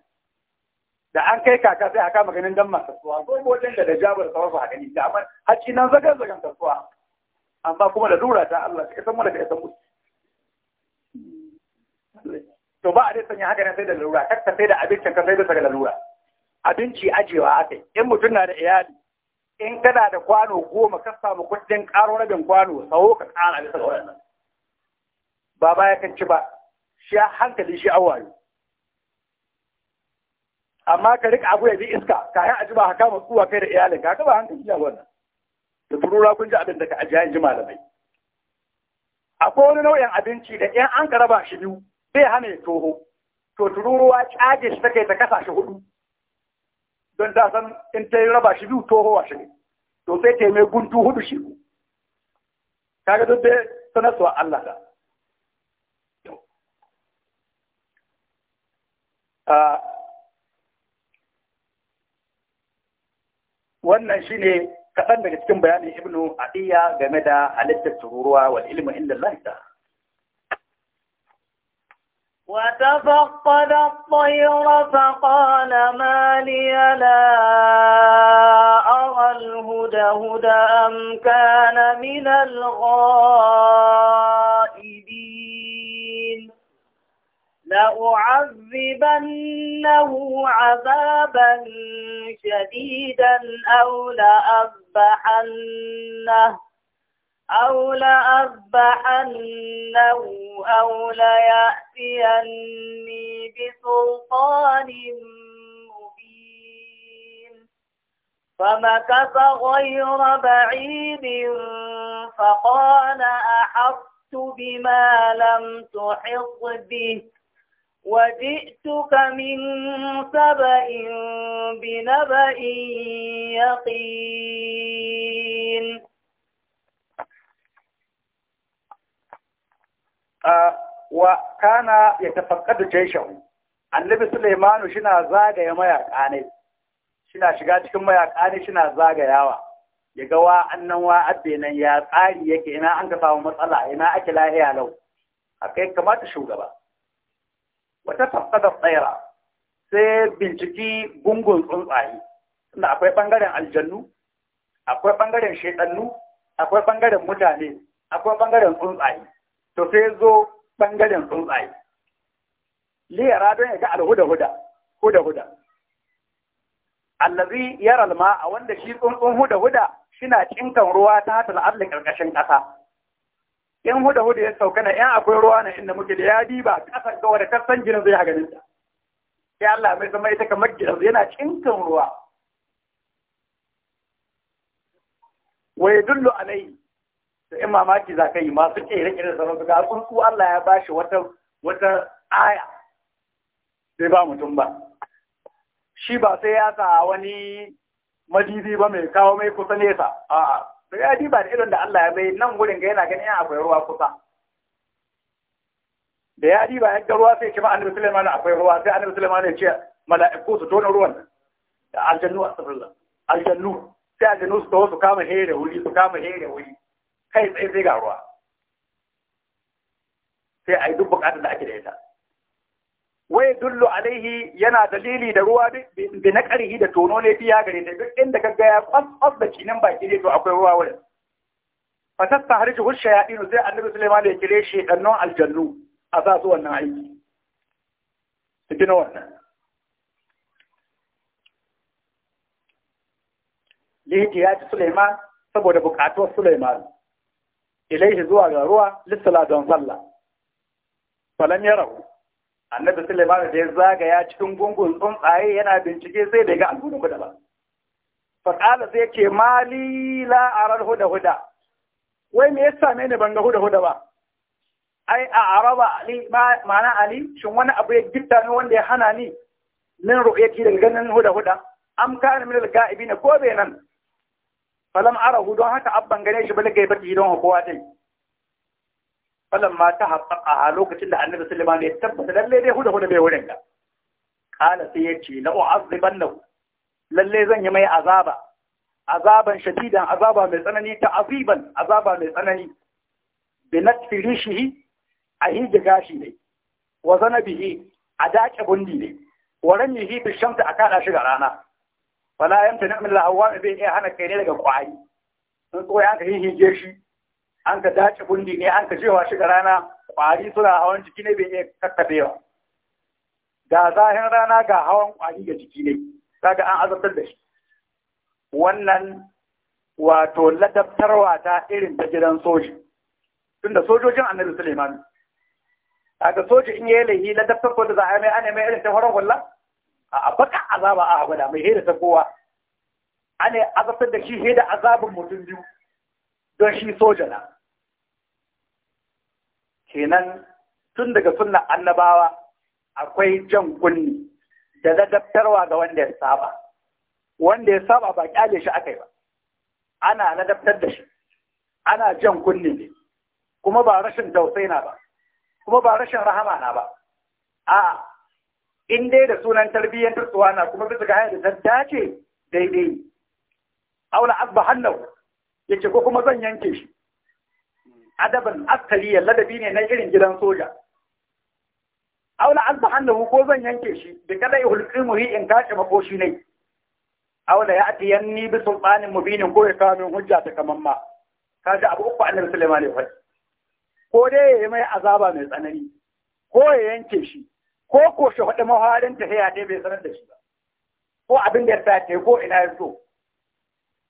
[SPEAKER 2] da an kai kaka sai a kama ganin dan masu kasuwa ko wajen da da jabar sama ba gani da amma haƙi nan zagar zagan kasuwa amma kuma da lura ta Allah sai san mana da san mutu to ba a dai sanya haka ne sai da lura kakka sai da abincin ka sai da lura abinci ajewa akai in mutum na da iyali in kana da kwano goma ka samu kuɗin ƙaro bin kwano sawo ka ƙara bisa ga waɗannan ba baya kan ci ba shi hankali shi wayo amma ka rika abu ya bi iska ka yi ajiba ka kama tsuwa kai da iyalin ka ba hankali a wannan da turura kun ji abin da ka ajiya in ji malamai akwai wani nau'in abinci da in an ka raba shi biyu zai hana ya toho to tururuwa cage shi take ta kasa shi hudu don ta san in ta yi raba shi biyu toho shi ne to sai ta yi mai guntu hudu shi Ka ga dubbe sanarwa Allah ta wannan shi ne kaɗan daga cikin bayanin ibnu iya game da halittar tururuwa wal ilimin inda Allah
[SPEAKER 1] وتفقد الطير فقال ما لي لا أرى الهدهد أم كان من الغائبين لأعذبنه عذابا شديدا أو لأذبحنه أو لأذبحنه أو ليأتيني بسلطان مبين فمكث غير بعيد فقال أحطت بما لم تحط به وجئتك من سبأ بنبأ يقين
[SPEAKER 2] wa kana ya tafakkadu jaishahu annabi sulaimanu shina zagaya mayaka ne shina shiga cikin mayaka ne shina zagayawa ya ga wa annan wa abbe nan ya tsari yake ina an ka samu matsala ina ake lahiya lau akai kamata shugaba wata tafkadar tsaira sai binciki gungun tsuntsaye tunda akwai bangaren aljannu akwai bangaren shaidannu akwai bangaren mutane akwai bangaren tsuntsaye to sai zo bangaren tsuntsaye liyara don ya ga alhuda huda huda huda allazi ya ralma a wanda shi tsuntsun huda huda shina cinkan ruwa ta hatal arlin ƙarƙashin ƙasa. in huda huda ya sauka na yan akwai ruwa na inda muke da ya diba ƙasar gawa da kasan ginin zai haganin ta sai Allah mai zama ita kamar gidan yana cinkan ruwa Wai dullu alai da in mamaki za ka yi masu kere kere sanar su ga tsuntsu Allah ya ba shi wata wata aya sai ba mutum ba shi ba sai ya sa wani majizi ba mai kawo mai kusa nesa a'a da ya diba da irin da Allah ya bai nan gurin ga yana ganin akwai ruwa kusa da ya diba ya ruwa sai ce ma annabi Suleiman akwai ruwa sai annabi Suleiman ya ce mala'iku su tona ruwan da aljannu astagfirullah aljannu sai aljannu su tawo su kama here wuri su kama here wuri kai tsaye sai ga ruwa sai a yi duk bukatar da ake da ita wai dullu alaihi yana dalili da ruwa da na ƙarfi da tono ne fiya gare ta duk inda ka gaya kwas da cinin baki ne to akwai ruwa wurin fatasta har ji hushe ya ɗinu sai annabi suleiman ya kire shi ɗannon aljannu a sa su wannan aiki su gina wannan lihiti ya ci suleiman saboda buƙatuwar suleiman ilaihi zuwa ga ruwa lissala don sallah falam ya rahu annabi sulaiman da ya zagaya cikin gungun tsuntsaye yana bincike sai da ga alhudu kuda ba faƙala sai ce mali la arar huda huda wai me yasa ne ban ga huda huda ba ai a araba ali ma'ana ali shin wani abu ya gitta ni wanda ya hana ni min ru'yati daga ganin huda huda am kana min al-ga'ibina ko bai nan falam arahu don haka abban gane shi bala gaibati don kowa dai falam ma ta haɓaka a lokacin da annabi sulaiman ya tabbata lalle dai huda huda bai wurin ka. kala sai ya ce la u'azzibannahu lalle zan yi mai azaba azaban shadidan azaba mai tsanani ta aziban azaba mai tsanani bi natfi rishihi a hiji gashi ne wa zanabihi a daƙe bundi ne wa ramihi bi shamta a kada shi ga rana wala na min al-awwam bai iya eh, hana kai ne daga kwari sun tsoya an ka hihije shi an ka dace bundi ne an ka jewa shi ga rana kwari suna hawan jiki ne bai iya kakkabewa ga zahin rana ga hawan kwari ga jiki ne kaga an azabtar da shi wannan wato ladabtarwa ta irin ta gidan soji tunda sojojin annabi Suleiman kaga soji in yayi lahi ladabtar ko da za a yi mai ana mai irin ta horon wallahi A'a, baka azaba a gwada mai hira ta kowa a azabtar da shi da azabin mutum biyu don shi soja na kenan tun daga sunna annabawa akwai jan kunni da ladabtarwa ga wanda ya saba wanda ya saba ba kyale shi akai ba ana ladabtar da shi ana jan kunni ne kuma ba rashin tausayi na ba kuma ba rashin rahama na ba a in dai da sunan tarsuwa na kuma bisa ga hanyar da ta dace daidai aula asba hannu ce ko kuma zan yanke shi adaban ya ladabi ne na irin gidan soja aula asba hannu ko zan yanke shi da kada ihulqimuhi in kace makoshi ne aula ya ni bi biyu mubinin ko ya kawo hujja ta kaman ma ji abu uku annabi Sulaiman ya faɗi ko dai ya yi mai azaba mai tsanani ko ya yanke shi ko ko shi faɗi maharin tafiya dai bai sanar da shi ba ko abin da ya sa ta ko ina ya so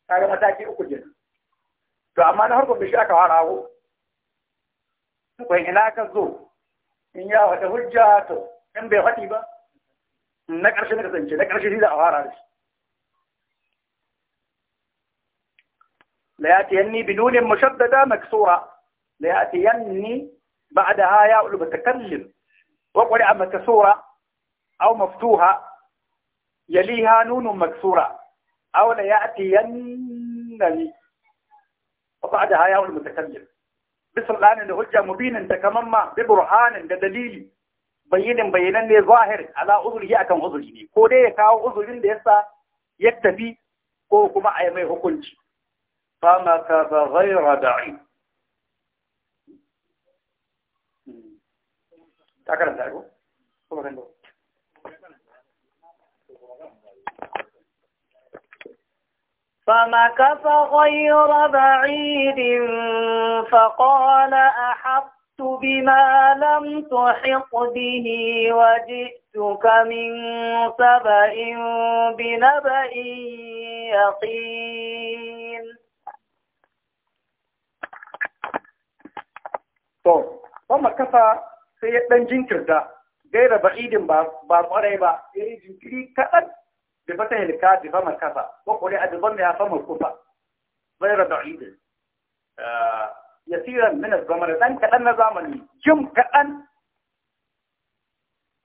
[SPEAKER 2] kaga mataki uku jin to amma na harkar bishi aka fara hago kwan ina ka zo in ya faɗi hujja to in bai faɗi ba na ƙarshe na kasance na ƙarshe shi za a fara da shi la yatiyanni binunin mushaddada maksura la yatiyanni ba'daha ya ulul mutakallim وقرأ مكسورة أو مفتوحة يليها نون مكسورة أو ليأتينني وبعدها ياء المتكلم بسلطان هجة مبين تكمما ببرهان دليل بين بينا ne zahir ala uzuri akan uzuri ne ko dai ya kawo uzurin da yasa ya tafi ko kuma a yi mai hukunci fa ma ka ba ghaira da'i
[SPEAKER 1] فمكث غير بعيد فقال أحطت بما لم تحط به وجئتك من سبأ بنبأ يقين
[SPEAKER 2] طيب. فمكث sai ya ɗan jinkirta gaira ba'idin ba kwarai ba ya yi jinkiri kaɗan da fata hilka da fama kafa ko kuri a dubban da ya fama kufa gaira ba'idin ya ah, yasiran min zamani dan kaɗan na zamani jim kaɗan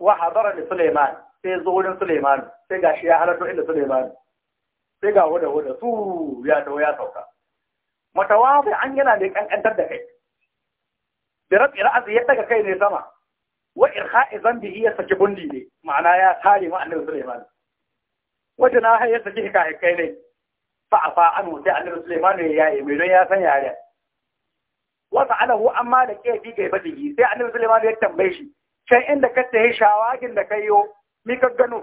[SPEAKER 2] wa hadara da Suleiman sai zo wurin Suleiman sai ga shi ya halarta inda Suleiman sai ga wada wada su ya dawo ya sauka Mata matawafi an yana da kankantar da kai da rafi ra'azi ya daga kai ne sama wa irha'i zambi ya saki bundi ne ma'ana ya tare ma annabi Sulaiman wata na hayar saki hika kai ne fa afa an wuce annabi Sulaiman ya yi, mai don ya san yare wata alahu amma da ke bi gaiba digi sai annabi Sulaiman ya tambaye shi can inda ka tayi shawagin da kai yo mi ka gano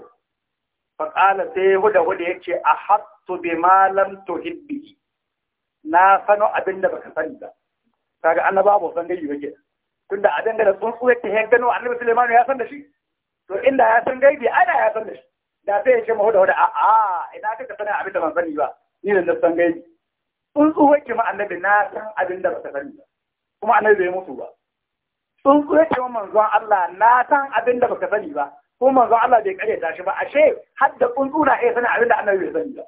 [SPEAKER 2] fa qala sai huda huda yace ahattu bima lam tuhibbi na sano abinda baka sani ba kaga annabawa ba san dai yake tunda a dangana tsuntsuwar ta gano annabi Sulaiman ya san da shi to inda ya san gaibi ana ya san da shi da sai ya ce mahu da a a'a ina ka ka sanin abin da ban sani ba ni ne na san gaibi tsuntsuwar ki ma annabi na san abin da ba ta sani ba kuma annabi bai mutu ba tsuntsuwar ki ma manzon Allah na san abin da ba ka sani ba ko manzon Allah bai ta shi ba ashe har da tsuntsu na iya sanin abin da annabi bai sani ba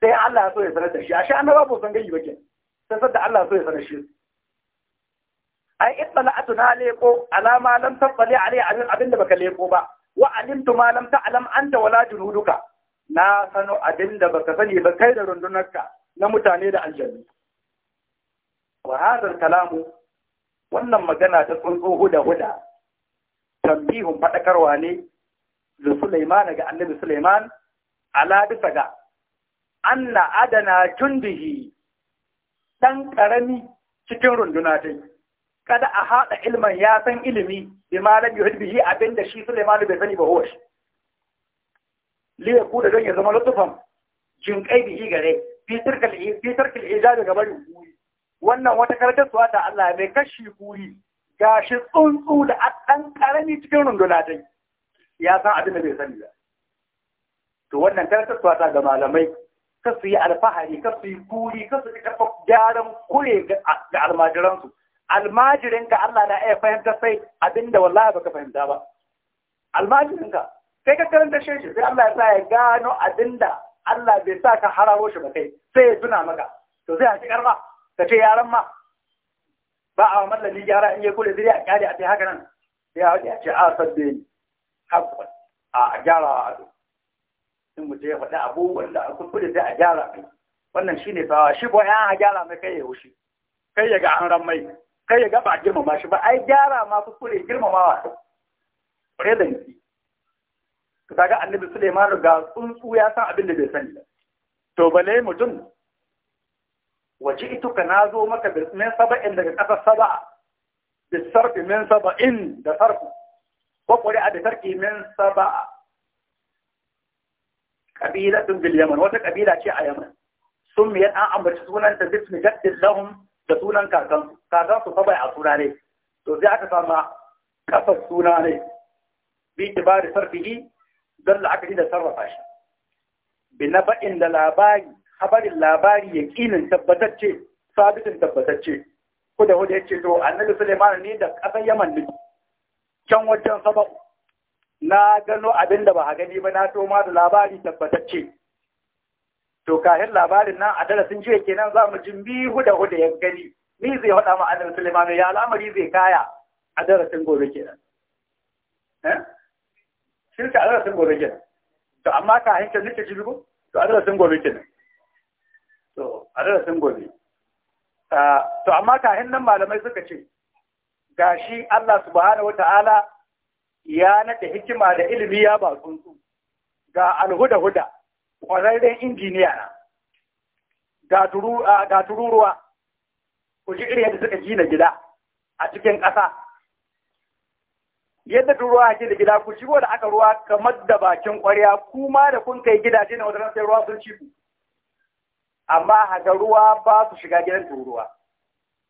[SPEAKER 2] sai Allah ya so ya sanar da shi ashe annabi ba san gaibi ba ke? sai da Allah ya so ya sanar shi ai ittala'atu na leko alama lam tabbali alai abin abinda baka leko ba wa alimtu ma lam ta'lam anta wala juluduka na sano abinda baka sani ba kai da rundunarka na mutane da aljannu wa hadal kalamu wannan magana ta tsuntsu huda huda tambihun fadakarwa ne da Sulaiman ga Annabi Sulaiman ala bisa ga anna adana tundihi dan karami cikin runduna dai kada a haɗa ilman ya san ilimi bi malam yuhid bihi abin da shi Sulaiman bai sani ba huwa shi li yakuna don ya zama lutufan jinkai bihi gare fi tarkal fi tarkal ijabi ga bari wannan wata karatarwa da Allah mai kashi kuri gashi tsuntsu da ɗan karami cikin runduna dai ya san abin da bai sani ba to wannan karatarwa ta ga malamai kasu yi alfahari kasu yi kuri kasu yi karfa gyaran kure ga almajiransu almajirinka Allah na iya fahimta sai abinda wallahi baka fahimta ba almajirinka sai ka karanta shi sai Allah ya sa ya gano abinda Allah bai sa ka hararo shi ba kai sai ya tuna maka to zai haƙi karma ka ce yaran ma ba a mallali yara in ya kula zai a kyale a sai haka nan sai ya wuce a ce a sabbe ni haƙƙon a gyara a ado in mutum ya faɗi abubuwan da a kuskure sai a gyara kai wannan shine fawa shi ko ya gyara mai kai ya wuce kai ya ga an ran mai kai ya ga ba girmama shi ba ai gyara ma kure girmamawa kure da nufi ka ga annabi Sulaiman ga tsuntsu ya san abin da bai sani ba to bale mutum waje ituka na zo maka da min saba'in daga ƙasar saba'a da sarfi min saba'in da sarfi ko kuri a da sarfi min saba'a kabilatun bil yaman wata kabila ce a yaman sun miyar an ambaci sunanta bismi jaddin lahum da sunan kakan kakan su a suna ne to sai aka sama kafar suna ne bi tibari sarfihi don la'akari da sarrafa shi bi na ba'in da labari habarin labari yakinin tabbatacce sabitin tabbatacce ko da ya ce to annabi Sulaiman ne da kasan Yaman ne can wajen na gano abin da ba a gani ba na to ma da labari tabbatacce to kafin labarin nan a darasin jiya kenan za mu ji bihu da huda yan gani ni zai haɗa ma annabi Sulaiman ya al'amari zai kaya a darasin gobe kenan eh shirka a darasin gobe kenan to amma kahin ka nake jibi ko to a darasin gobe kenan to a darasin gobe ah, to amma kahin nan malamai suka ce gashi Allah subhanahu wataala ya nada hikima da ilimi ya ba tsuntsu ga alhuda huda ƙwararren injiniya na ga tururuwa ku ji irin yadda suka gina gida a cikin ƙasa yadda tururuwa ke da gida ku shigo da aka ruwa kamar da bakin ƙwarya kuma da kun kai gidaje na wadannan sai ruwa sun ci ku amma haka ruwa ba su shiga gidan tururuwa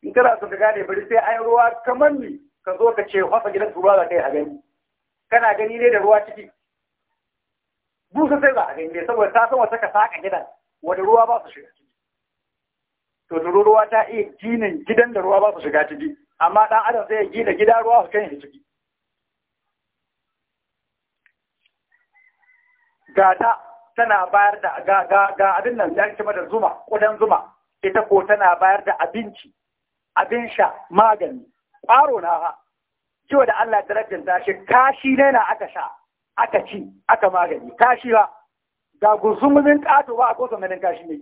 [SPEAKER 2] in kana su ka ne, bari sai an ruwa kamar ni ka zo ka ce fasa gidan tururuwa za ka yi a gani kana gani ne da ruwa ciki busa sai za a gani saboda ta san wata ka saka gidan wani ruwa ba su shiga ciki to da ruwa ta iya ginin gidan da ruwa ba su shiga ciki amma ɗan adam sai ya gina gida ruwa su kan ciki gata tana bayar da ga abin nan ya kima da zuma kudan zuma ita ko tana bayar da abinci abin sha magani ƙwaro na ha kiwa da Allah ta da shi kashi ne na aka sha aka ci aka magani kashi ba ga gurzumin ƙato ba a ko son ganin kashi ne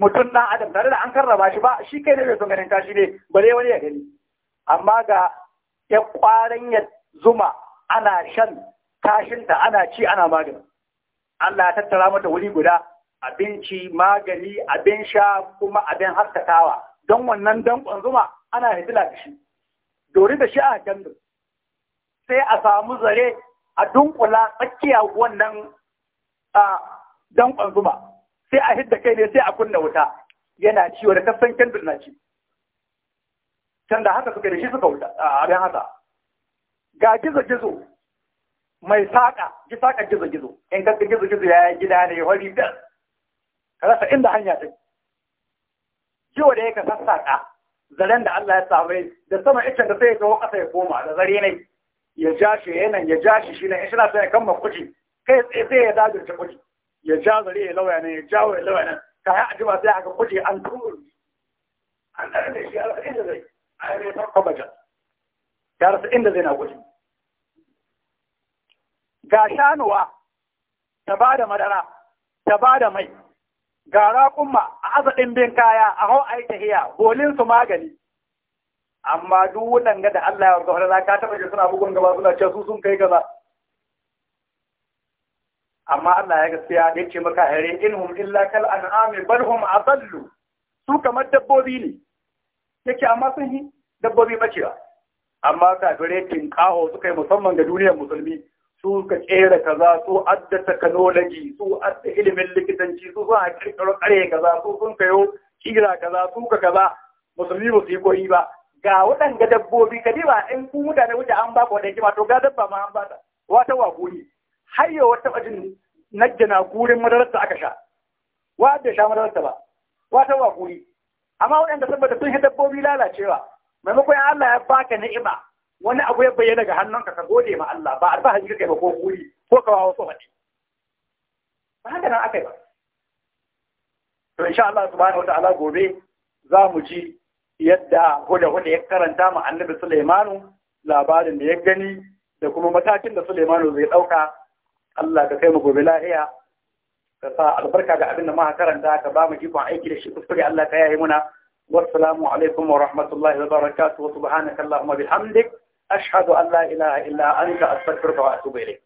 [SPEAKER 2] mutum ɗan adam tare da an karraba shi ba shi kai ne bai son ganin kashi ne bare wani ya gani amma ga ya ƙwaran ya zuma ana shan kashinta ana ci ana magani Allah ya tattara mata wuri guda abinci magani abin sha kuma abin harkatawa. don wannan dankon zuma ana hidila da shi dori da shi a gandun sai a samu zare a dunkula tsakiya wannan a dankon zuma sai a hidda kai ne sai a kunna wuta yana ciwo da kasan kendur na ci can da haka suka da shi suka wuta a abin haka ga gizo-gizo mai saƙa ji saƙa gizo-gizo in kakka gizo-gizo ya yi gida ne hori, da rasa inda hanya ta ciwo da ya ka sassaƙa zaren da Allah ya samu da sama icen da sai ya kawo ƙasa ya koma da zare ne ya ja shi yanan ya ja shi shine in suna sai ya kama kuɗi kai tsaye sai ya ta kuji ya ja zare ya lawaya nan ya jawo wa lawaya nan ka yi ajiba sai aka kuji an turu an ɗan da shi a inda zai a yi rasa ya inda zai na kuɗi ga shanuwa ta ba da madara ta ba da mai ga raƙumma a azaɗin bin kaya a hau a yi tahiya bolin su magani amma duk waɗanda da Allah ya warka wadanda ka taɓa shi suna bugun gaba suna ce su sun kai kaza amma Allah ya gaskiya ya ce maka hare inhum illa kal an'ami bal hum adallu su kamar dabbobi ne yake amma sun yi dabbobi bacewa amma tin tinkaho suka yi musamman ga duniyar musulmi su ka kera kaza su adda technology su adda ilimin likitanci su sun kirkiro kare kaza su sun kayo kira kaza su ka kaza musulmi ba su yi koyi ba ga waɗanda dabbobi ka diba in ku mutane wuce an ba ku waɗanda kima to ga dabba ma an ba ta wata wa guri har yau wata bajin najjana gurin madararsa aka sha wa da sha madararsa ba wata wa guri amma waɗanda saboda sun yi dabbobi lalacewa maimakon Allah ya baka ni'ima wani abu ya bayyana ga hannunka ka gode ma Allah ba alfahari kai ba ko kuri ko ka wawa so bane ba haka nan yi ba to insha Allah subhanahu ta'ala gobe za mu ji yadda huda-huda ya karanta ma annabi Sulaimanu labarin da ya gani da kuma matakin da Sulaimanu zai ɗauka Allah ka kai mu gobe lahiya ka sa albarka ga abin da muka karanta ka ba mu jikon aiki da shi kuskure Allah ka yayi muna wassalamu alaikum wa rahmatullahi wa barakatuh wa subhanaka allahumma bihamdik ashhadu an la ilaha illa anta astaghfiruka wa atubu ilayk